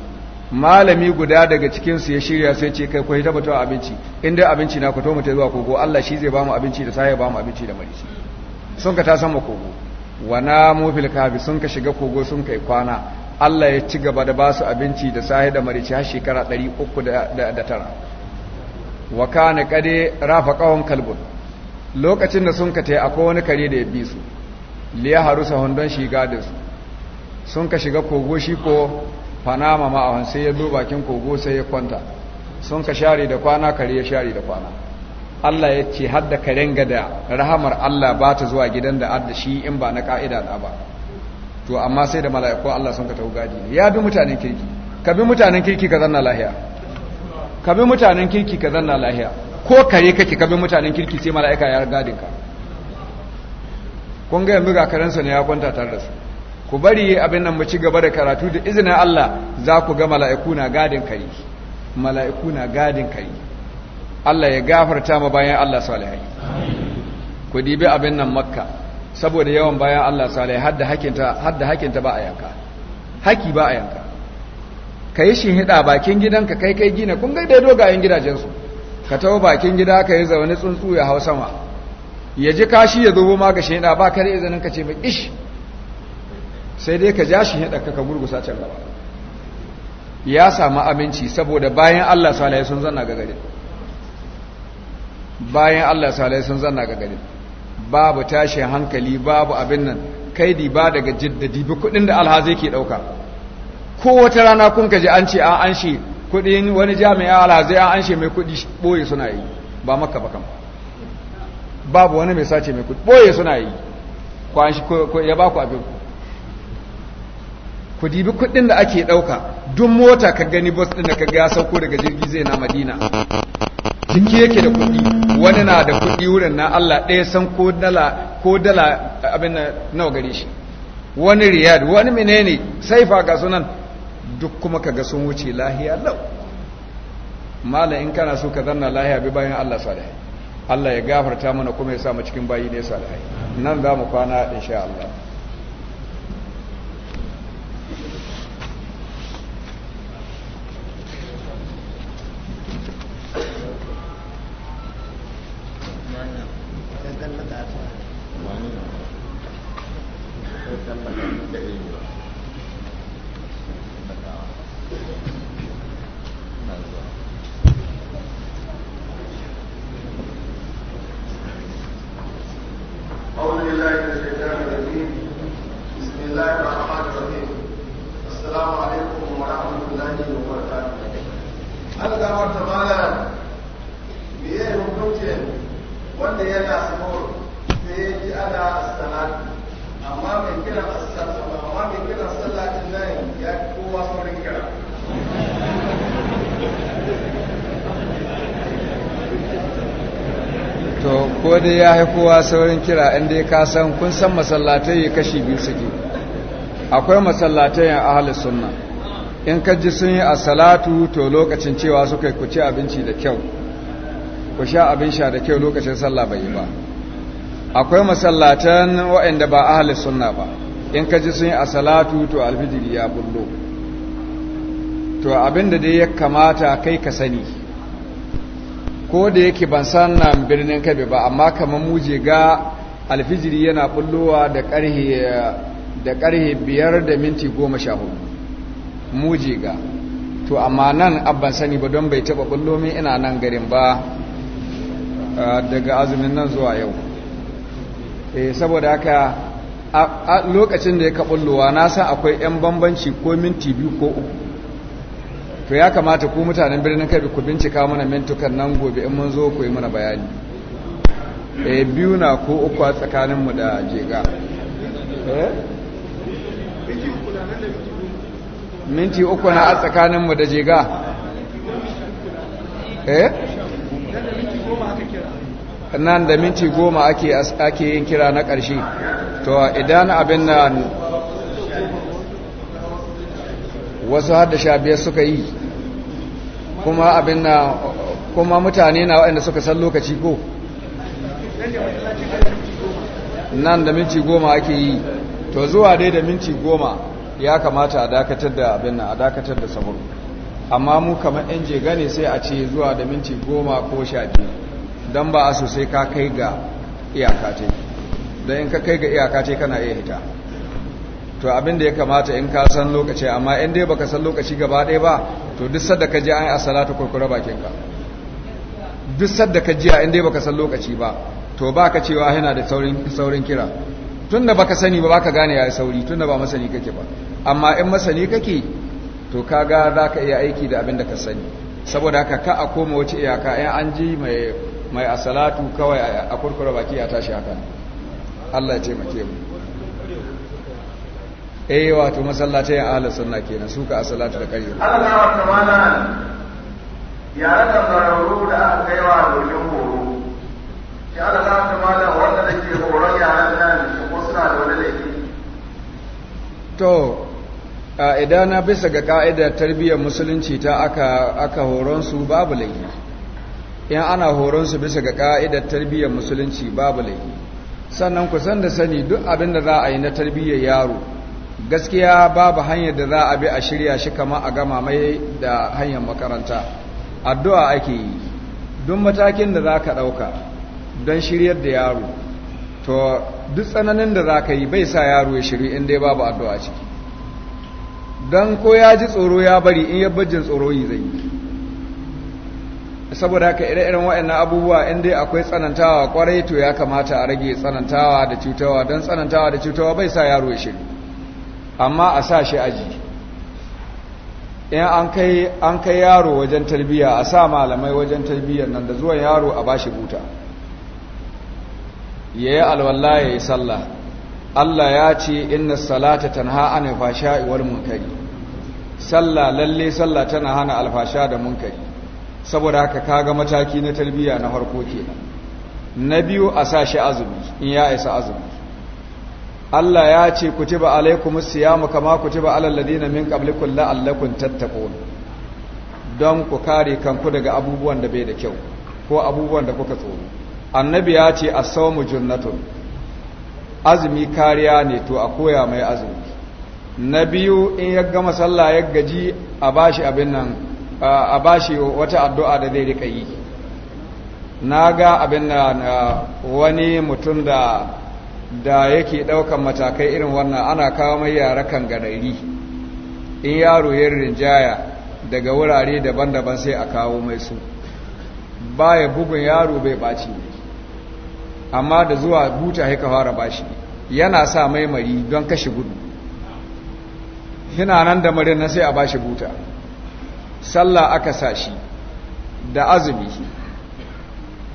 malami guda daga cikinsu ya shirya sai ce kai kwai tabbata abinci inda abinci na ku to mu ta zuwa kogo Allah shi zai ba mu abinci da sai ya ba mu abinci da marici sun ka ta sama kogo wana mu fil kafi sun ka shiga kogo sun kai kwana Allah ya ci gaba da ba su abinci da sai da marici har shekara 309 wa kana kade rafa qawm kalbun lokacin da sun ka tai akwai wani kare da ya bi su liya harusa hondon shiga da su sun ka shiga kogo shi ko fanama ma'awan sai ya zo bakin kogo sai ya kwanta sun ka share da kwana kare ya share da kwana Allah ya ce hadda karen da rahamar Allah ba ta zuwa gidan da adda shi in ba na ka'ida na ba to amma sai da mala'iku Allah sun ka tawo gadi ne ya bi mutanen kirki ka bi mutanen kirki ka zanna lahiya ka bi mutanen kirki ka zanna lahiya ko kare kake ka bi mutanen kirki sai mala'ika ya gadin ka kun ga yanzu ga karensa ne ya kwanta tare da su ku bari abin nan mu ci gaba da karatu da izinin Allah za ku ga mala'iku na gadin kari mala'iku na gadin kari Allah ya gafarta ma bayan Allah salihai ku dibi abin nan makka saboda yawan bayan Allah salihai hadda hakinta hadda hakinta ba a yanka haki ba a yanka ka yi shin hida bakin gidanka kai kai gina kun ga dai dogayen gidajensu ka tawo bakin gida ka yi zaune tsuntsu ya hau sama ya ji kashi ya zo ma ga shin hida ba kare izinin ka ce mai ish sai dai ka ja shi ya ɗaka ka gurgusa can gaba ya samu aminci saboda bayan Allah salaye sun zanna ga gari bayan Allah salaye sun zanna ga gari babu tashin hankali babu abin nan kai di ba daga jiddadi bi kuɗin da alhazi ke ɗauka ko wata rana kun ka ji an ce an an shi kudin wani jami'a alhazi an an shi mai kuɗi ɓoye suna yi ba maka bakan babu wani mai sace mai kuɗi ɓoye suna yi ko an shi ko ya ba ku abin ku ku dibi kuɗin da ake ɗauka duk mota ka gani bus ɗin da ka ga sauko daga jirgi zai na madina jiki yake da kuɗi wani na da kuɗi wurin na allah ɗaya san ko dala ko dala abin nawa gare shi wani riyad wani menene sai fa ga sunan duk kuma ka ga sun wuce lahiya lau mala in kana so ka zanna lahiya bi bayan allah salihai allah ya gafarta mana kuma ya sa mu cikin bayi ne salihai nan za mu kwana insha allah cewa saurin kira inda ya kasan kun san masallatai kashi biyu suke akwai masallatai ahalis sunna in ka ji sun yi a salatu to lokacin cewa suka yi ku ci abinci da kyau ku sha abin sha da kyau lokacin sallah bai yi ba akwai masallatan waɗanda ba ahalis sunna ba in ka ji sun yi a salatu to alfijiri ya bullo to abin da dai ya kamata kai ka sani ko da yake ban san nan birnin kabe ba amma kamar muje ga alfijiri yana bullowa da karhe biyar da minti goma sha hudu muje ga to amma nan abban sani ba don bai taba bullo min ina nan garin ba daga azumin nan zuwa yau eh, saboda haka lokacin da ya ka bullowa na san akwai 'yan bambanci ko minti biyu ko uku to ya kamata ku mutanen birnin kabi ku bincika mana mintukan nan gobe in mun zo ku yi mana bayani e biyu na ko uku a tsakaninmu da jega eh? minti uku na a tsakaninmu da jega eh? nan da minti goma ake ake yin kira na ƙarshe to idan abin na wasu har da sha biyar suka yi kuma abin na kuma mutane na waɗanda suka san lokaci ko nan da minti goma ake yi to zuwa dai da minti goma ya kamata a dakatar da abin na a dakatar da sabon amma mu kamar yan jega ne sai a ce zuwa da minti goma ko sha biyu don ba a sosai ka kai ga iyaka ce don in ka kai ga iyaka ce kana iya hita to abin da ya kamata in ka san lokaci amma in dai baka san lokaci gaba ɗaya ba to duk sadda ka ji an yi asalatu kurkura bakinka duk sadda ka ji in dai baka san lokaci ba to baka cewa yana da saurin kira tunda baka sani ba baka gane ya sauri tunda ba masani kake ba amma in masani kake to kaga ka iya aiki da abin da ka sani saboda haka ka a koma wace iyaka in an ji mai mai asalatu kawai a kurkura baki a tashi haka Allah ya taimake mu eh wato masallatayin ahlus sunna kenan suka asalatu da kai Allah wata mana, yaran da zararru da aka kai wa domin horo ya Allah wata mana wanda da ke horon yaran nan ko suna da wani laifi to idan na bisa ga ka'idar tarbiyyar musulunci ta aka aka horon su babu laifi in ana horon su bisa ga ka'idar tarbiyyar musulunci babu laifi sannan ku san da sani duk abin da za a yi na tarbiyyar yaro gaskiya babu hanyar da za a bi a shirya shi kama a gama mai da hanyar makaranta addu'a ake yi don matakin da za ka ɗauka don shiryar da yaro to duk tsananin da za ka yi bai sa yaro ya shiri inda ya babu addu'a ciki don ko ya ji tsoro ya bari in ya tsoro yi zai yi saboda haka ire-iren waɗannan abubuwa in dai akwai tsanantawa kwarai to ya kamata a rage tsanantawa da cutawa don tsanantawa da cutawa bai sa yaro ya shiri amma a sa shi aji in an kai yaro wajen tarbiyya a sa malamai wajen tarbiyyar nan da zuwan yaro a bashi buta ya yi alwallah ya yi sallah Allah ya ce inna salata tanha an fasha iwar munkari sallah lalle sallah tana hana alfasha da munkari saboda haka kaga mataki na tarbiyya na farko kenan na biyu a sa shi azumi in ya isa azumi Allah ya ce kutiba alaikum siyamu kama kutiba alal ladina min qablikum la'allakum tattaqun don ku kare kanku daga abubuwan da bai da kyau ko abubuwan da kuka tsoro annabi ya ce as-sawmu jannatun azumi kariya ne to a koya mai azumi na biyu in ya gama sallah ya gaji a bashi abin nan a bashi wata addu'a da zai rika yi na ga abin da wani mutum da da yake ɗaukan matakai irin wannan ana kawo mai yara kan gadari in yaro ya rinjaya daga wurare daban-daban sai a kawo mai su baya bugun yaro bai baci ne amma da zuwa buta haika fara bashi yana sa maimari don kashe gudu hinanan nan da marin sai a bashi buta sallah aka sa shi da azumi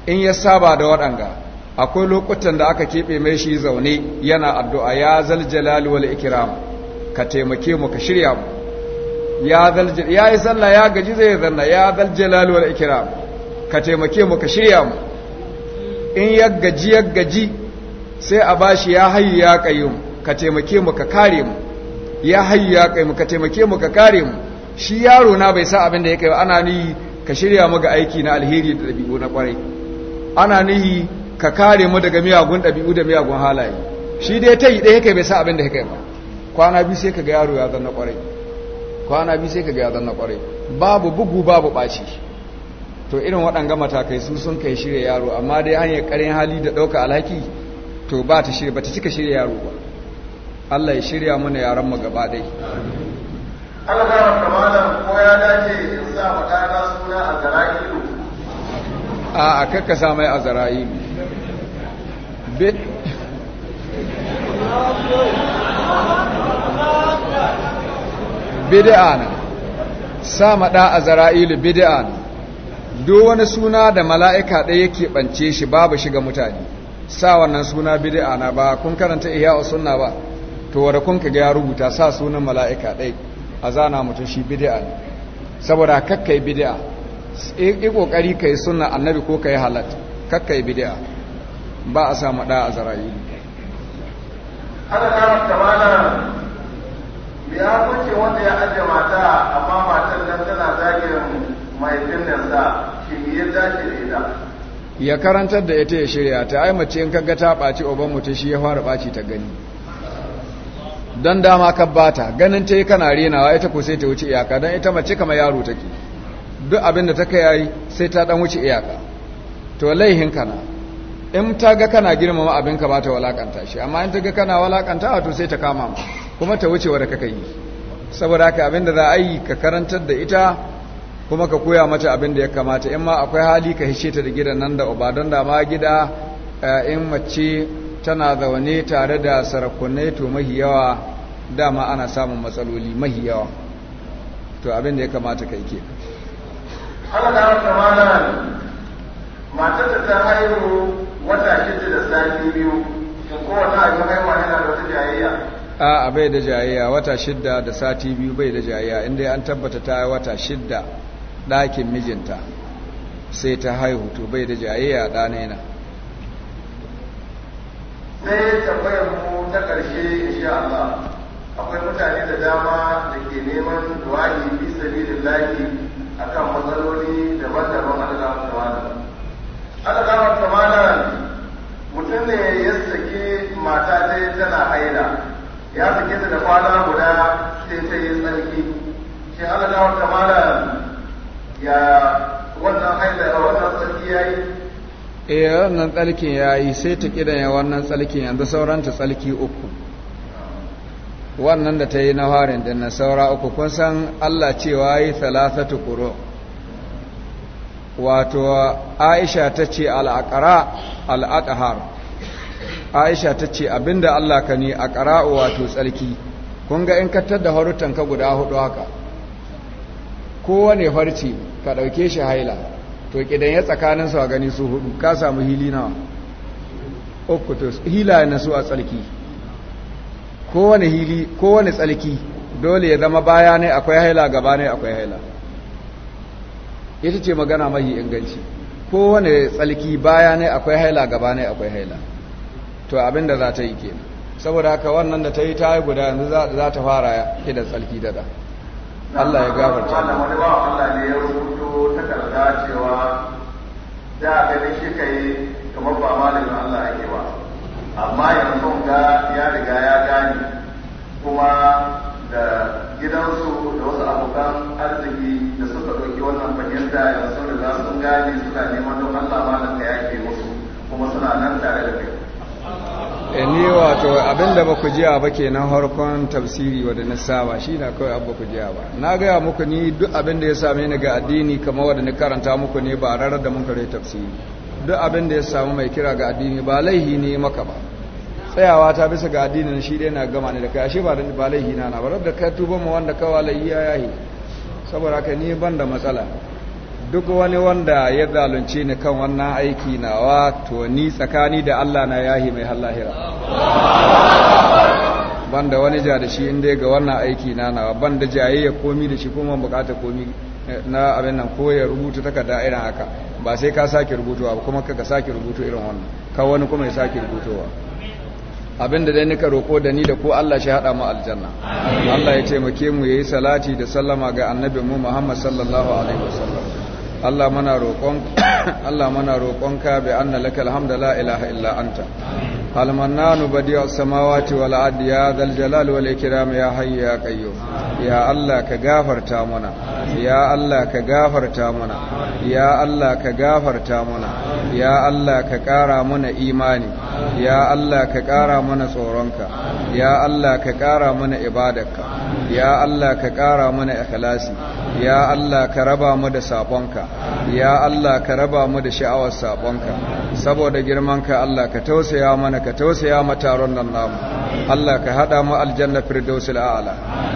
in ya saba da waɗanga akwai lokutan da aka keɓe mai shi zaune yana addu'a ya zal jalali wal Ikiram, ka taimake mu ka shirya mu ya ya yi sallah ya gaji zai zanna ya zal jalali wal Ikiram, ka taimake mu ka shirya mu in ya gaji ya gaji sai a ba shi ya hayu ya kayu ka taimake mu ka kare mu ya hayu ya kayu ka taimake mu ka kare mu shi yaro na bai sa abin da ya kai ana nihi ka shirya mu ga aiki na alheri da dabi'u na kwarai ana nihi ka kare mu daga miyagun ɗabi'u da miyagun halaye shi dai ta yi ɗaya kai bai sa abin da ya kai ba kwana biyu sai ka ga yaro ya zanna ƙwarai. kwana biyu sai ka ga ya zanna ƙwarai babu bugu babu ɓaci to irin waɗanga matakai su sun kai shirya yaro amma dai hanyar ƙarin hali da ɗauka alhaki to ba ta shirya ba ta cika shirya yaro ba Allah ya shirya mana yaran mu gaba dai Allah ya kamala ko ya dace in sa wa suna a kakkasa mai a bid'a na sa maɗa a zara'ilu bid'a na duk wani suna da mala'ika ɗaya yake ɓance shi babu shiga mutane sa wannan suna bid'a na ba kun karanta iya sunna ba to wanda kun ga ya rubuta sa sunan mala'ika ɗai a zana mutum shi bid'a ne saboda kakkai bid'a in kokari kai sunna annabi ko kai halat kakkai bid'a ba a samu da a zarayi ana ta kamana me ya kuce wanda ya aje mata amma matan nan tana zagin mai da, shi ya zage da ya karantar da ita ya shirya ta ai mace in kaga ta baci oban mutum shi ya fara ɓaci ta gani don dama ka bata ganin ta yi kana renawa ita ko sai ta wuce iyaka don ita mace kama yaro take duk abin da ta kai yayi sai ta dan wuce iyaka to laihin kana in ta ga kana girmama abin ka ba ta walakanta shi amma in ta ga kana walakanta wato sai ta kama ma kuma ta wuce wadda kaka yi saboda haka abin da za a yi ka karantar da ita kuma ka koya mata abin da ya kamata in ma akwai hali ka hishe ta da gidan nan da uba don da ma gida eh, in mace tana zaune tare da sarakunai to mahi yawa dama ana samun matsaloli mahi yawa to abin da ya kamata ka yi ke Allah matar da ta haihu wata shida da sati biyu shin wata abin haihuwa yana da wata jayayya a bai da jayayya wata shidda da sati biyu bai da jayayya inda an tabbata ta wata shidda ɗakin mijinta sai ta haihu to bai da jayayya ɗana yana sai tambayar mu ta ƙarshe insha Allah akwai mutane da dama da ke neman duwayi fi a akan matsaloli daban-daban Allah alƙawar kamalan mutum ne ya sake mata ta yi tana haila ya sake ta da kwana guda sai ta yi tsarki shi alƙawar kamalan ya wannan haila wannan tsarki ya yi eh wannan tsarkin ya yi sai ta kidaya wannan tsarkin, yanzu sauranta tsarki uku wannan da ta yi na harin din na saura uku kun san Allah cewa yi salasatu quru wato aisha ta ce al'aƙara al'aƙahar aisha ta ce abinda Allah ka ne a ƙara'u wato tsarki kun ga in kattar da harutanka guda hudu haka kowane farci ka ɗauke shi haila to ƙidan ya tsakaninsu a gani su hudu ka samu hili nawa okutus hila na su a tsarki kowane hili kowane tsarki dole ya zama baya ne akwai haila gaba ne akwai haila ita ce magana mai inganci kowane tsalki baya ne akwai haila gaba ne akwai haila to abin da za ta yi kenan saboda haka wannan da ta yi ta yi guda yanzu za ta fara da tsalki dada Allah ya gafarta ta Allah ne ya rubuto takarda cewa da ne shi kai kamar ba malamin Allah yake ba amma yanzu ga ya riga ya gani kuma da gidansu da wasu abokan arziki da suka ɗauki wannan fahimta yanzu da za sun gane suna neman don Allah malam ka yake musu kuma suna nan tare da kai eh, ni wato abinda ba ku jiya ba kenan harkon tafsiri wadda na saba shi na kawai abu ku jiya ba na gaya muku ni duk abinda ya same ni ga addini kama wadda na karanta muku ne ba rarar da mun kare tafsiri duk abinda ya samu mai kira ga addini ba laihi ne maka ba tsayawa ta bisa ga addinin shi dai na gama ne da kai ashe ba ba laihi na na barar da kai tuba ma wanda ka walayi ya yahi saboda ka ni ban da matsala duk wani wanda ya zalunce ni kan wannan aiki nawa to ni tsakani da Allah na yahi mai halahira ban da wani ja da shi inda ga wannan aiki na na ban da jaye ya komi da shi kuma bukata komi na abin nan ko ya rubuta da irin haka ba sai ka sake rubutuwa ba kuma ka sake rubutu irin wannan ka wani kuma ya sake rubutuwa abinda dai nika roko da ni da ko Allah shi hada mu aljanna Allah ya taimake mu yayi salati da sallama ga annabi mu Muhammad sallallahu alaihi wasallam Allah mana roƙon Allah mana roƙon ka bi anna laka alhamdu la ilaha illa anta hal mannanu badiya samawati wal ya dal jalal wal ikram ya hayy ya qayyum ya Allah ka gafarta mana ya Allah ka gafarta mana ya Allah ka gafarta mana ya Allah ka ƙara mana imani ya Allah ka ƙara mana tsoronka ya Allah ka ƙara mana ibadarka ya Allah ka ƙara mana ikhlasi ya Allah ka raba mu da sabonka ya Allah ka raba mu da sha'awar sabonka saboda girman ka Allah ka tausaya mana ka tausaya mataron nan namu Allah ka hada mu aljanna firdausil a'la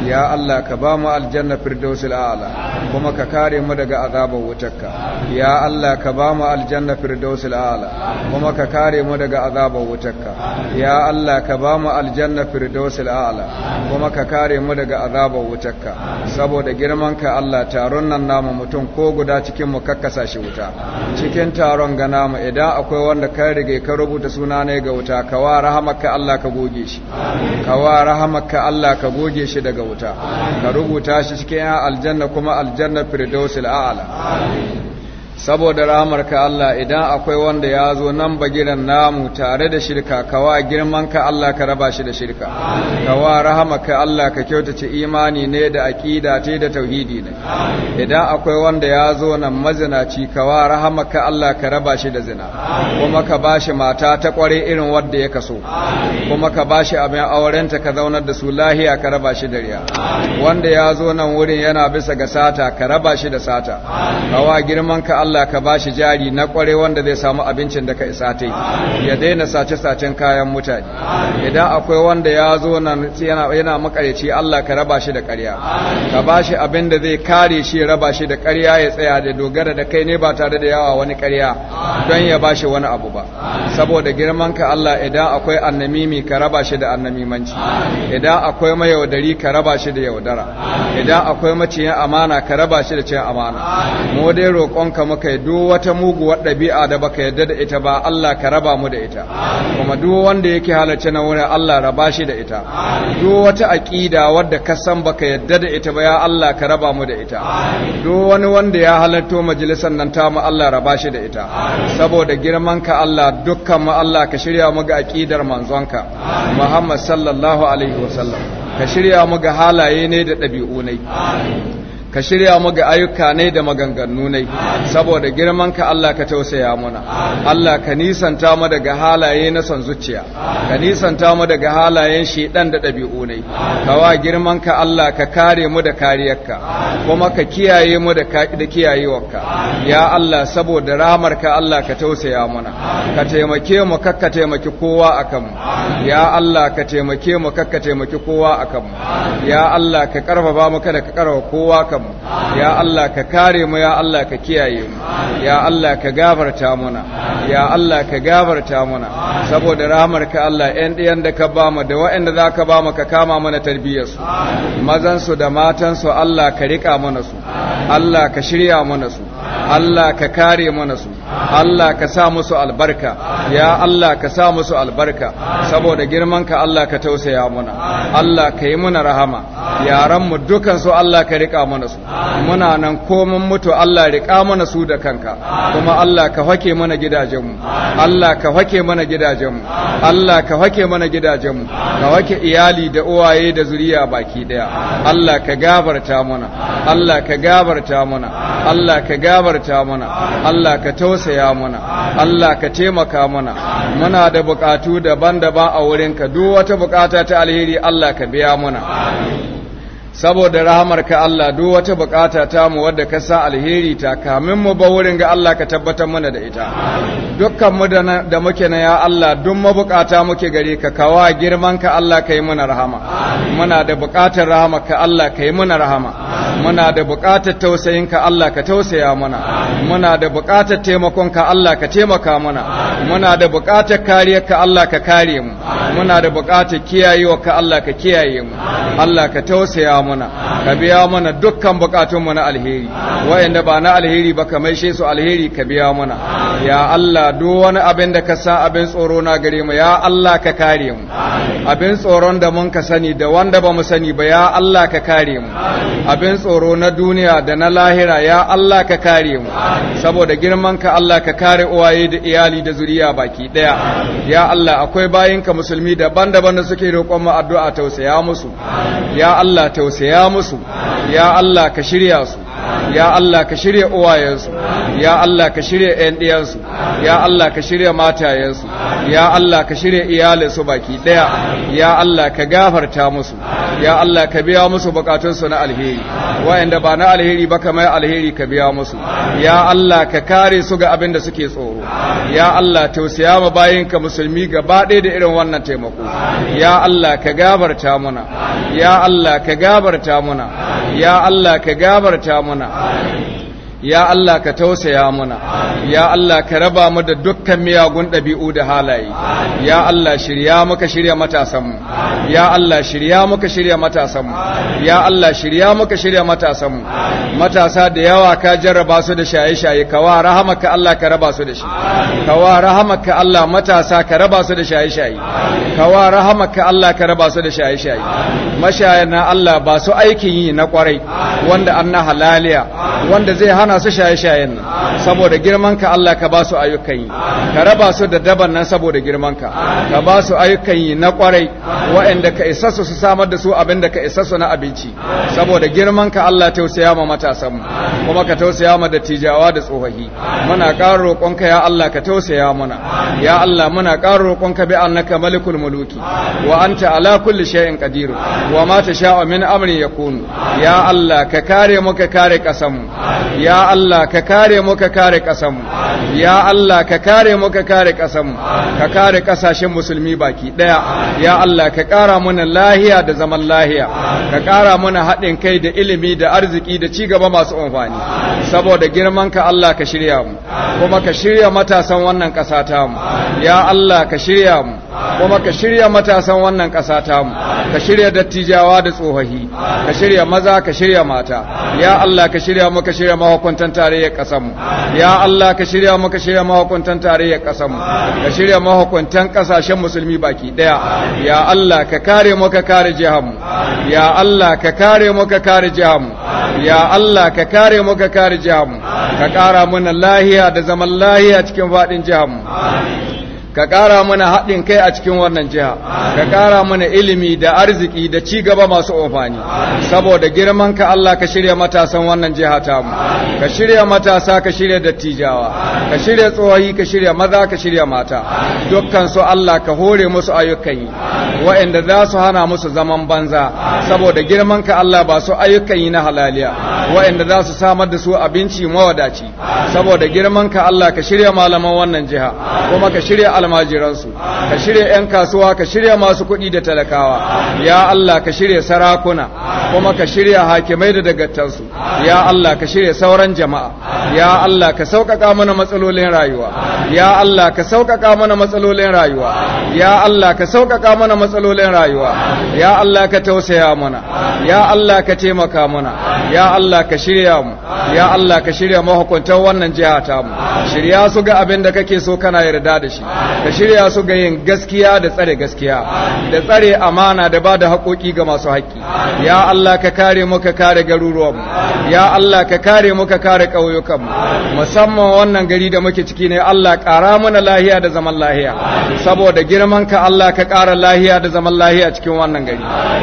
ya Allah ka ba mu aljanna firdausil a'la kuma ka kare mu daga azabar wutarka ya Allah ka ba mu aljanna firdausil a'la kuma ka kare mu daga azabar wutarka ya Allah ka ba mu aljanna firdausil a'la kuma ka kare mu daga azabar wutarka saboda girman ka Allah taron nan namu mutum ko guda cikin mu kakkasa shi wuta cikin taron ga namu idan akwai wanda ka rige ka rubuta suna ne ga wuta ka wa rahamaka Allah ka goge shi Ka wa rahamaka Allah ka goge shi daga wuta ka rubuta shi cikin aljanna kuma aljanna firdausil a'la saboda ka Allah idan akwai wanda ya zo nan bagiran namu tare da shirka kawa ka Allah ka raba shi da shirka kawa rahamarka Allah ka kyautace imani ne da aqida ce da tauhidi ne idan akwai wanda ya zo nan mazinaci kawa rahamarka Allah ka raba shi da zina kuma ka bashi mata ta kware irin wanda ya kaso kuma ka bashi abin aurenta ka zaunar da su lahiya ka raba shi da riya wanda ya zo nan wurin yana bisa ga sata ka raba shi da sata kawa ka Allah Allah ka ba shi jari na ƙware wanda zai samu abincin da ka isa ta ya daina sace-sacen kayan mutane idan akwai wanda ya zo nan yana makareci Allah ka raba shi da ƙarya ka ba shi abin da zai kare shi raba shi da ƙarya ya tsaya da dogara da kai ne ba tare da yawa wani ƙarya don ya ba shi wani abu ba saboda girman ka Allah idan akwai annamimi ka raba shi da annamimanci idan akwai mayaudari ka raba shi da yaudara idan akwai maciyin amana ka raba shi da cin amana mu dai roƙonka muka kai duk wata muguwar ɗabi'a da baka yarda da ita ba Allah ka raba mu da ita kuma duk wanda yake halarci na wurin Allah raba shi da ita duk wata aƙida wadda ka san baka yarda da ita ba ya Allah ka raba mu da ita duk wani wanda ya halarto majalisar nan ta mu Allah raba shi da ita saboda girman ka Allah dukkan mu Allah ka shirya mu ga aƙidar manzonka Muhammad sallallahu alaihi wasallam ka shirya mu ga halaye ne da ɗabi'u ne ka shirya mu ga ayyuka ne da maganganu ne saboda girman ka Allah ka tausaya muna Allah ka nisanta mu daga halaye na san zuciya ka nisanta mu daga halayen shedan da dabi'u ne wa girman ka Allah ka kare mu da kariyarka kuma ka kiyaye mu da da kiyayewarka ya Allah saboda rahmar ka Allah ka tausaya muna ka taimake mu kakka taimaki kowa akan mu ya Allah ka taimake mu kakka taimaki kowa akan mu ya Allah ka karfafa mu kada ka karfafa kowa akan mu ya Allah ka kare mu ya Allah ka kiyaye mu ya Allah ka gafarta muna ya Allah ka gafarta muna saboda rahmar ka Allah ɗan ɗiyan da ka ba mu da waɗanda za ka ba mu ka kama mana tarbiyyar su mazan da matansu Allah ka rika mana su Allah ka shirya mana su Allah ka kare mana su Allah ka sa musu albarka ya Allah ka sa musu albarka saboda girman ka Allah ka tausaya muna Allah ka yi muna rahama yaranmu dukansu Allah ka riƙa mana su muna nan komin mutu Allah riƙa mana su da kanka kuma Allah ka hake mana gidajenmu Allah ka hake mana gidajenmu Allah ka hake mana gidajenmu ka hake iyali da uwaye da zuriya baki ɗaya. Allah ka gabarta muna. Allah ka gabarta muna. Allah ka gabarta muna. Allah ka tausaya tausaya mana Allah ka taimaka mana muna da bukatu daban-daban a wurinka duk wata bukata ta alheri Allah ka biya mana saboda ka Allah duk wata bukata ta mu wadda ka sa alheri ta kamin mu ba wurin ga Allah ka tabbatar mana da ita dukkan mu da muke na ya Allah duk mabukata muke gare ka kawa girman ka Allah kai mana rahama muna da bukatar rahama ka Allah kai mana rahama muna da bukatar tausayin ka Allah ka tausaya mana muna da bukatar taimakon ka Allah ka taimaka mana muna da bukatar kariyar ka Allah ka kare mu muna da bukatar kiyayewa ka Allah ka kiyaye mu Allah ka tausaya mana ka biya mana dukkan bukatun mu na alheri wayanda ba na alheri ba kamar maishe su alheri ka biya mana ya Allah duk wani abin da ka sa abin tsoro na gare mu ya Allah ka kare mu abin tsoron da mun ka sani da wanda ba mu sani ba ya Allah ka kare mu abin tsoro na duniya da na lahira ya Allah ka kare mu saboda girman ka Allah ka kare uwaye da iyali da zuriya baki daya ya Allah akwai bayinka musulmi daban-daban da suke roƙon mu addu'a tausaya musu ya Allah tausaya tausaya musu ya Allah ka shirya su ya Allah ka shirya uwayensu ya Allah ka shirya ƴan ɗiyansu ya Allah ka shirya matayensu ya Allah ka shirya iyalinsu baki ɗaya ya Allah ka gafarta musu ya Allah ka biya musu bukatunsu na alheri wa'anda ba na alheri ba kamar alheri ka biya musu ya Allah ka kare su ga abin da suke tsoro ya Allah tausaya ma bayinka musulmi gaba ɗaya da irin wannan taimako ya Allah ka gafarta muna ya Allah ka gafarta muna ya Allah ka gafarta muna Amém. ya Allah ka tausaya muna ya Allah ka raba mu da dukkan miyagun ɗabi'u da halaye ya Allah shirya muka shirya matasanmu ya Allah shirya muka shirya matasanmu ya Allah shirya muka shirya matasanmu matasa da yawa ka jarraba su da shaye-shaye ka wa rahamaka Allah ka raba su da shi wa rahamaka Allah matasa ka raba su da shaye-shaye ka wa rahamaka Allah ka raba su da shaye-shaye mashayana Allah ba su aikin yi na kwarai wanda an na halaliya wanda zai ha. hana su shaye-shayen nan saboda girmanka Allah ka ba su ayyukan yi ka raba su da daban nan saboda girmanka ka ba su ayyukan yi na kwarai waɗanda ka isa su su samar da su abin da ka isa su na abinci saboda girmanka Allah tausaya ma matasan mu kuma ka tausaya ma dattijawa da tsofaffi muna ƙara roƙonka ya Allah ka tausaya mana ya Allah muna ƙara roƙonka bi annaka malikul muluki wa anta ala kulli shay'in qadir wa ma tasha'u min amri yakun ya Allah ka kare mu ka kare kasan mu ya ya Allah ka kare mu ka kare ƙasanmu ya Allah ka kare mu ka kare ƙasanmu ka kare ƙasashen musulmi baki ɗaya ya Allah ka ƙara mana lahiya da zaman lahiya ka ƙara mana haɗin kai da ilimi da arziki da ci gaba masu amfani saboda girman ka Allah ka shirya mu kuma ka shirya matasan wannan ƙasa ta mu ya Allah ka shirya mu kuma ka shirya matasan wannan ƙasa ta mu ka shirya dattijawa da tsohahi ka shirya maza ka shirya mata ya Allah ka shirya mu ka shirya mahaukaci mahukuntan tarayyar ya Allah ka shirya mu shirya mahukuntan tarayyar ƙasar ka shirya mahukuntan ƙasashen musulmi baki daya ya Allah ka kare mu ka kare jihar mu ya Allah ka kare mu ka kare jihar mu ya Allah ka kare mu ka kare jihar mu ka kara mana lahiya da zaman lahiya cikin faɗin jihar mu ka ƙara mana haɗin kai a cikin wannan jiha ka ƙara mana ilimi da arziki da ci gaba masu amfani saboda girman ka Allah ka shirya matasan wannan jiha ta mu ka shirya matasa ka shirya dattijawa ka shirya tsohi ka shirya maza ka shirya mata dukkan su Allah ka hore musu ayyukan yi waɗanda za su hana musu zaman banza saboda girman ka Allah ba su ayyukan yi na halaliya waɗanda za su samar da su abinci mawadaci saboda girman ka Allah ka shirya malaman wannan jiha kuma ka shirya almajiransu ka shirya 'yan kasuwa ka shirya masu kuɗi da talakawa ya Allah ka shirya sarakuna kuma ka shirya hakimai da dagatansu ya Allah ka shirya sauran jama'a ya Allah ka sauƙaƙa mana matsalolin rayuwa ya Allah ka sauƙaƙa mana matsalolin rayuwa ya Allah ka sauƙaƙa mana matsalolin rayuwa ya Allah ka tausaya mana ya Allah ka taimaka mana ya Allah ka shirya mu ya Allah ka shirya mahukuntan wannan jiha ta mu shirya su ga abin da kake so kana yarda da shi ka shirya su ga yin gaskiya da tsare gaskiya da tsare amana da ba da haƙoƙi ga masu haƙƙi ya Allah ka kare mu ka kare garuruwan ya Allah ka kare mu ka kare ƙauyukanmu musamman wannan gari da muke ciki ne Allah ƙara mana lahiya da zaman lahiya saboda girman ka Allah ka ƙara lahiya da zaman lahiya cikin wannan gari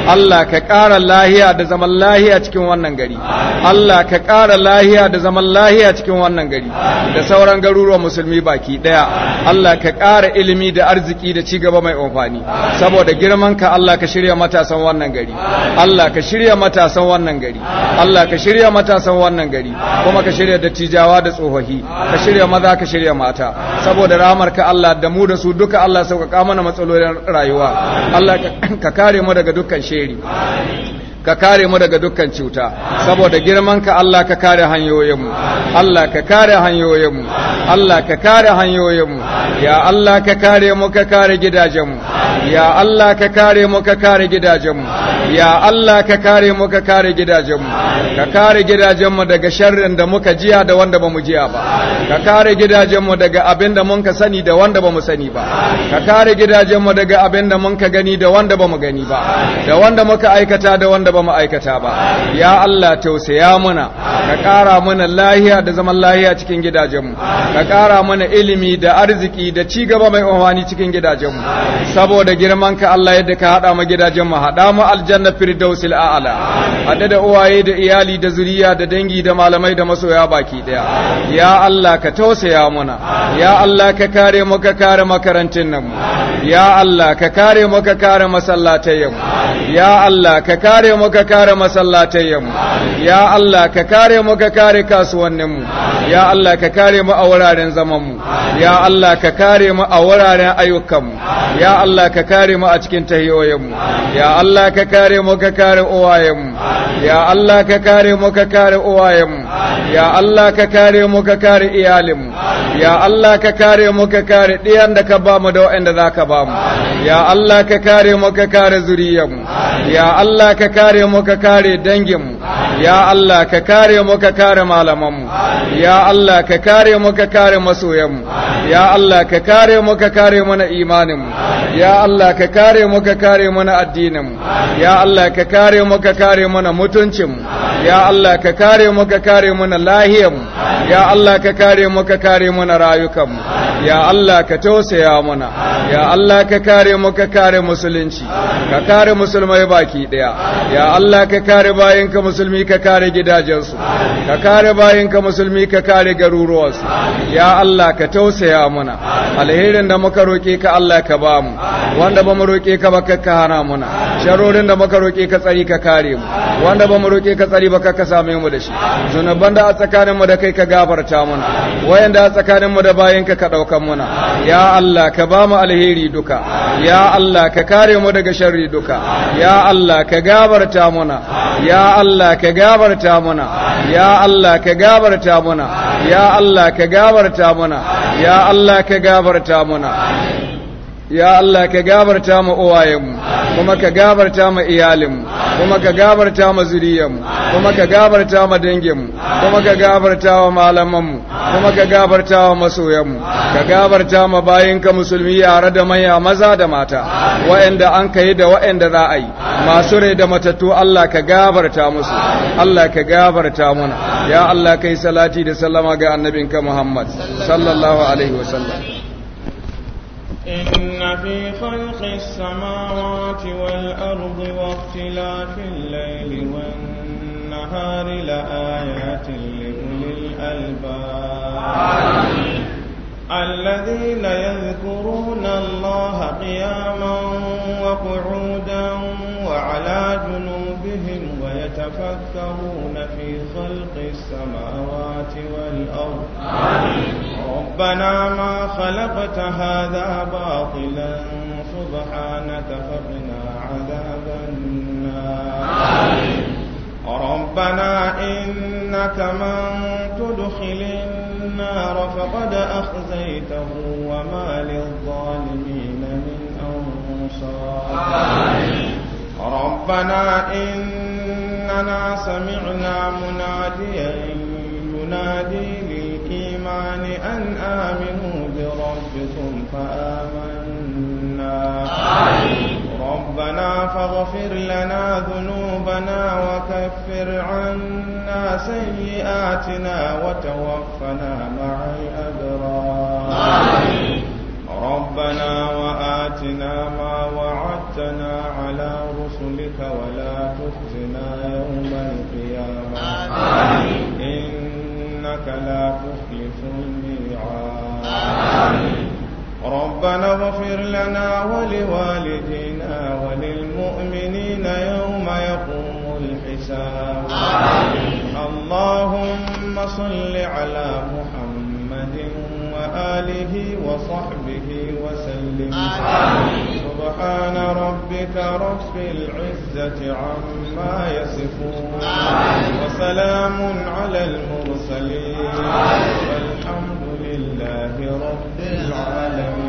Allah ka ƙara lahiya da zaman lahiya cikin wannan gari Allah ka ƙara lahiya da zaman lahiya cikin wannan gari da sauran garuruwan musulmi baki ɗaya Allah ka ƙara ƙara ilimi da arziki da ci gaba mai amfani saboda girman ka Allah ka shirya matasan wannan gari Allah ka shirya matasan wannan gari Allah ka shirya matasan wannan gari kuma ka shirya dattijawa da tsohohi ka shirya maza ka shirya mata saboda ramar ka Allah da mu da su duka Allah sauƙaƙa mana matsalolin rayuwa Allah ka kare mu daga dukkan sheri ka kare mu daga dukkan cuta saboda girmanka Allah ka kare hanyoyinmu Allah ka kare hanyoyinmu Allah ka kare hanyoyinmu ya Allah ka kare mu ka kare gidajenmu ya Allah ka kare mu ka kare gidajenmu ya Allah ka kare mu ka kare gidajenmu ka kare gidajenmu daga sharrin da muka jiya da wanda bamu jiya ba ka kare gidajenmu daga abin da mun ka sani da wanda bamu sani ba ka kare gidajenmu daga abin da mun ka gani da wanda bamu gani ba da wanda muka aikata da wanda taba ma'aikata ba ya Allah tausaya mana ka kara mana lahiya da zaman lahiya cikin gidajenmu ka kara mana ilimi da arziki da ci gaba mai umarni cikin gidajenmu saboda girman ka Allah yadda ka haɗa mu gidajenmu haɗa mu aljanna firdausil a'ala haɗe da uwaye da iyali da zuriya da dangi da malamai da masoya baki ɗaya ya Allah ka tausaya mana ya Allah ka kare mu ka kare makarantun nan ya Allah ka kare mu ka kare masallatai mu ya Allah ka kare mu mu ka kare masallatayyanmu ya Allah ka kare mu ka kare kasuwanninmu ya Allah ka kare mu a wuraren zamanmu ya Allah ka kare mu a wuraren ayyukanmu ya Allah ka kare mu a cikin tahiyoyinmu ya Allah ka kare mu ka kare uwayenmu ya Allah ka kare mu ka kare uwayenmu ya Allah ka kare mu ka kare iyalinmu ya Allah ka kare mu ka kare ɗiyan da ka bamu da waɗanda za ka bamu ya Allah ka kare mu ka kare zuriyarmu ya Allah ka kare kare mu ka kare danginmu ya Allah ka kare mu ka kare malamanmu ya Allah ka kare mu ka kare masoyanmu ya Allah ka kare mu ka kare mana imaninmu ya Allah ka kare mu ka kare mana addininmu ya Allah ka kare mu ka kare mana mutuncinmu ya Allah ka kare mu ka kare mana lahiyarmu ya Allah ka kare mu ka kare mana rayukanmu ya Allah ka tausaya mana ya Allah ka kare mu ka kare musulunci ka kare musulmai baki daya ya Allah ka kare bayinka musulmi ka kare gidajensu ka kare bayinka musulmi ka kare garuruwansu ya Allah ka tausaya muna alherin da muka roƙe ka Allah ka ba mu wanda ba mu roƙe ka ba ka hana muna sharorin da muka roƙe ka tsari ka kare mu wanda ba mu roƙe ka tsari ba ka same mu da shi zunuban da a tsakanin mu da kai ka gafarta muna da a tsakanin mu da bayinka ka ɗaukan muna ya Allah ka ba mu alheri duka ya Allah ka kare mu daga sharri duka ya Allah ka gabar gabarta muna ya Allah ka gabarta muna ya Allah ka gabarta muna ya Allah ka gabarta muna ya Allah ka gabarta muna ya Allah ka gabarta mu uwayenmu kuma ka gabarta mu iyalinmu kuma ka gabarta mu zuriyarmu kuma ka gabarta mu danginmu kuma ka gabarta wa malamanmu kuma ka gabarta wa masoyanmu ka gabarta mu bayinka musulmi yare da manya maza da mata wa'anda an kai da wa'anda za a yi masu rai da matattu Allah ka gabarta musu Allah ka gabarta muna ya Allah kai salati da sallama ga annabinka Muhammad sallallahu alaihi wasallam في خلق السماوات والأرض واختلاف الليل والنهار لآيات لأولي الألباب الذين يذكرون الله قياما وقعودا وعلى جنوبهم ويتفكرون في خلق السماوات والأرض آمين ربنا ما خلقت هذا باطلا سبحانك فقنا عذاب النار ربنا إنك من تدخل النار فقد أخزيته وما للظالمين من أنصار ربنا إننا سمعنا مناديا ينادي الإيمان أن آمنوا بربكم فآمنا ربنا فاغفر لنا ذنوبنا وكفر عنا سيئاتنا وتوفنا مع الأبرار ربنا وآتنا ما وعدتنا على رسلك ولا تخزنا يوم القيامة إنك لا تخزنا ربنا اغفر لنا ولوالدينا وللمؤمنين يوم يقوم الحساب آمين اللهم صل على محمد وآله وصحبه وسلم سبحان ربك رب العزة عما يصفون وسلام على المرسلين والحمد لله رب العالمين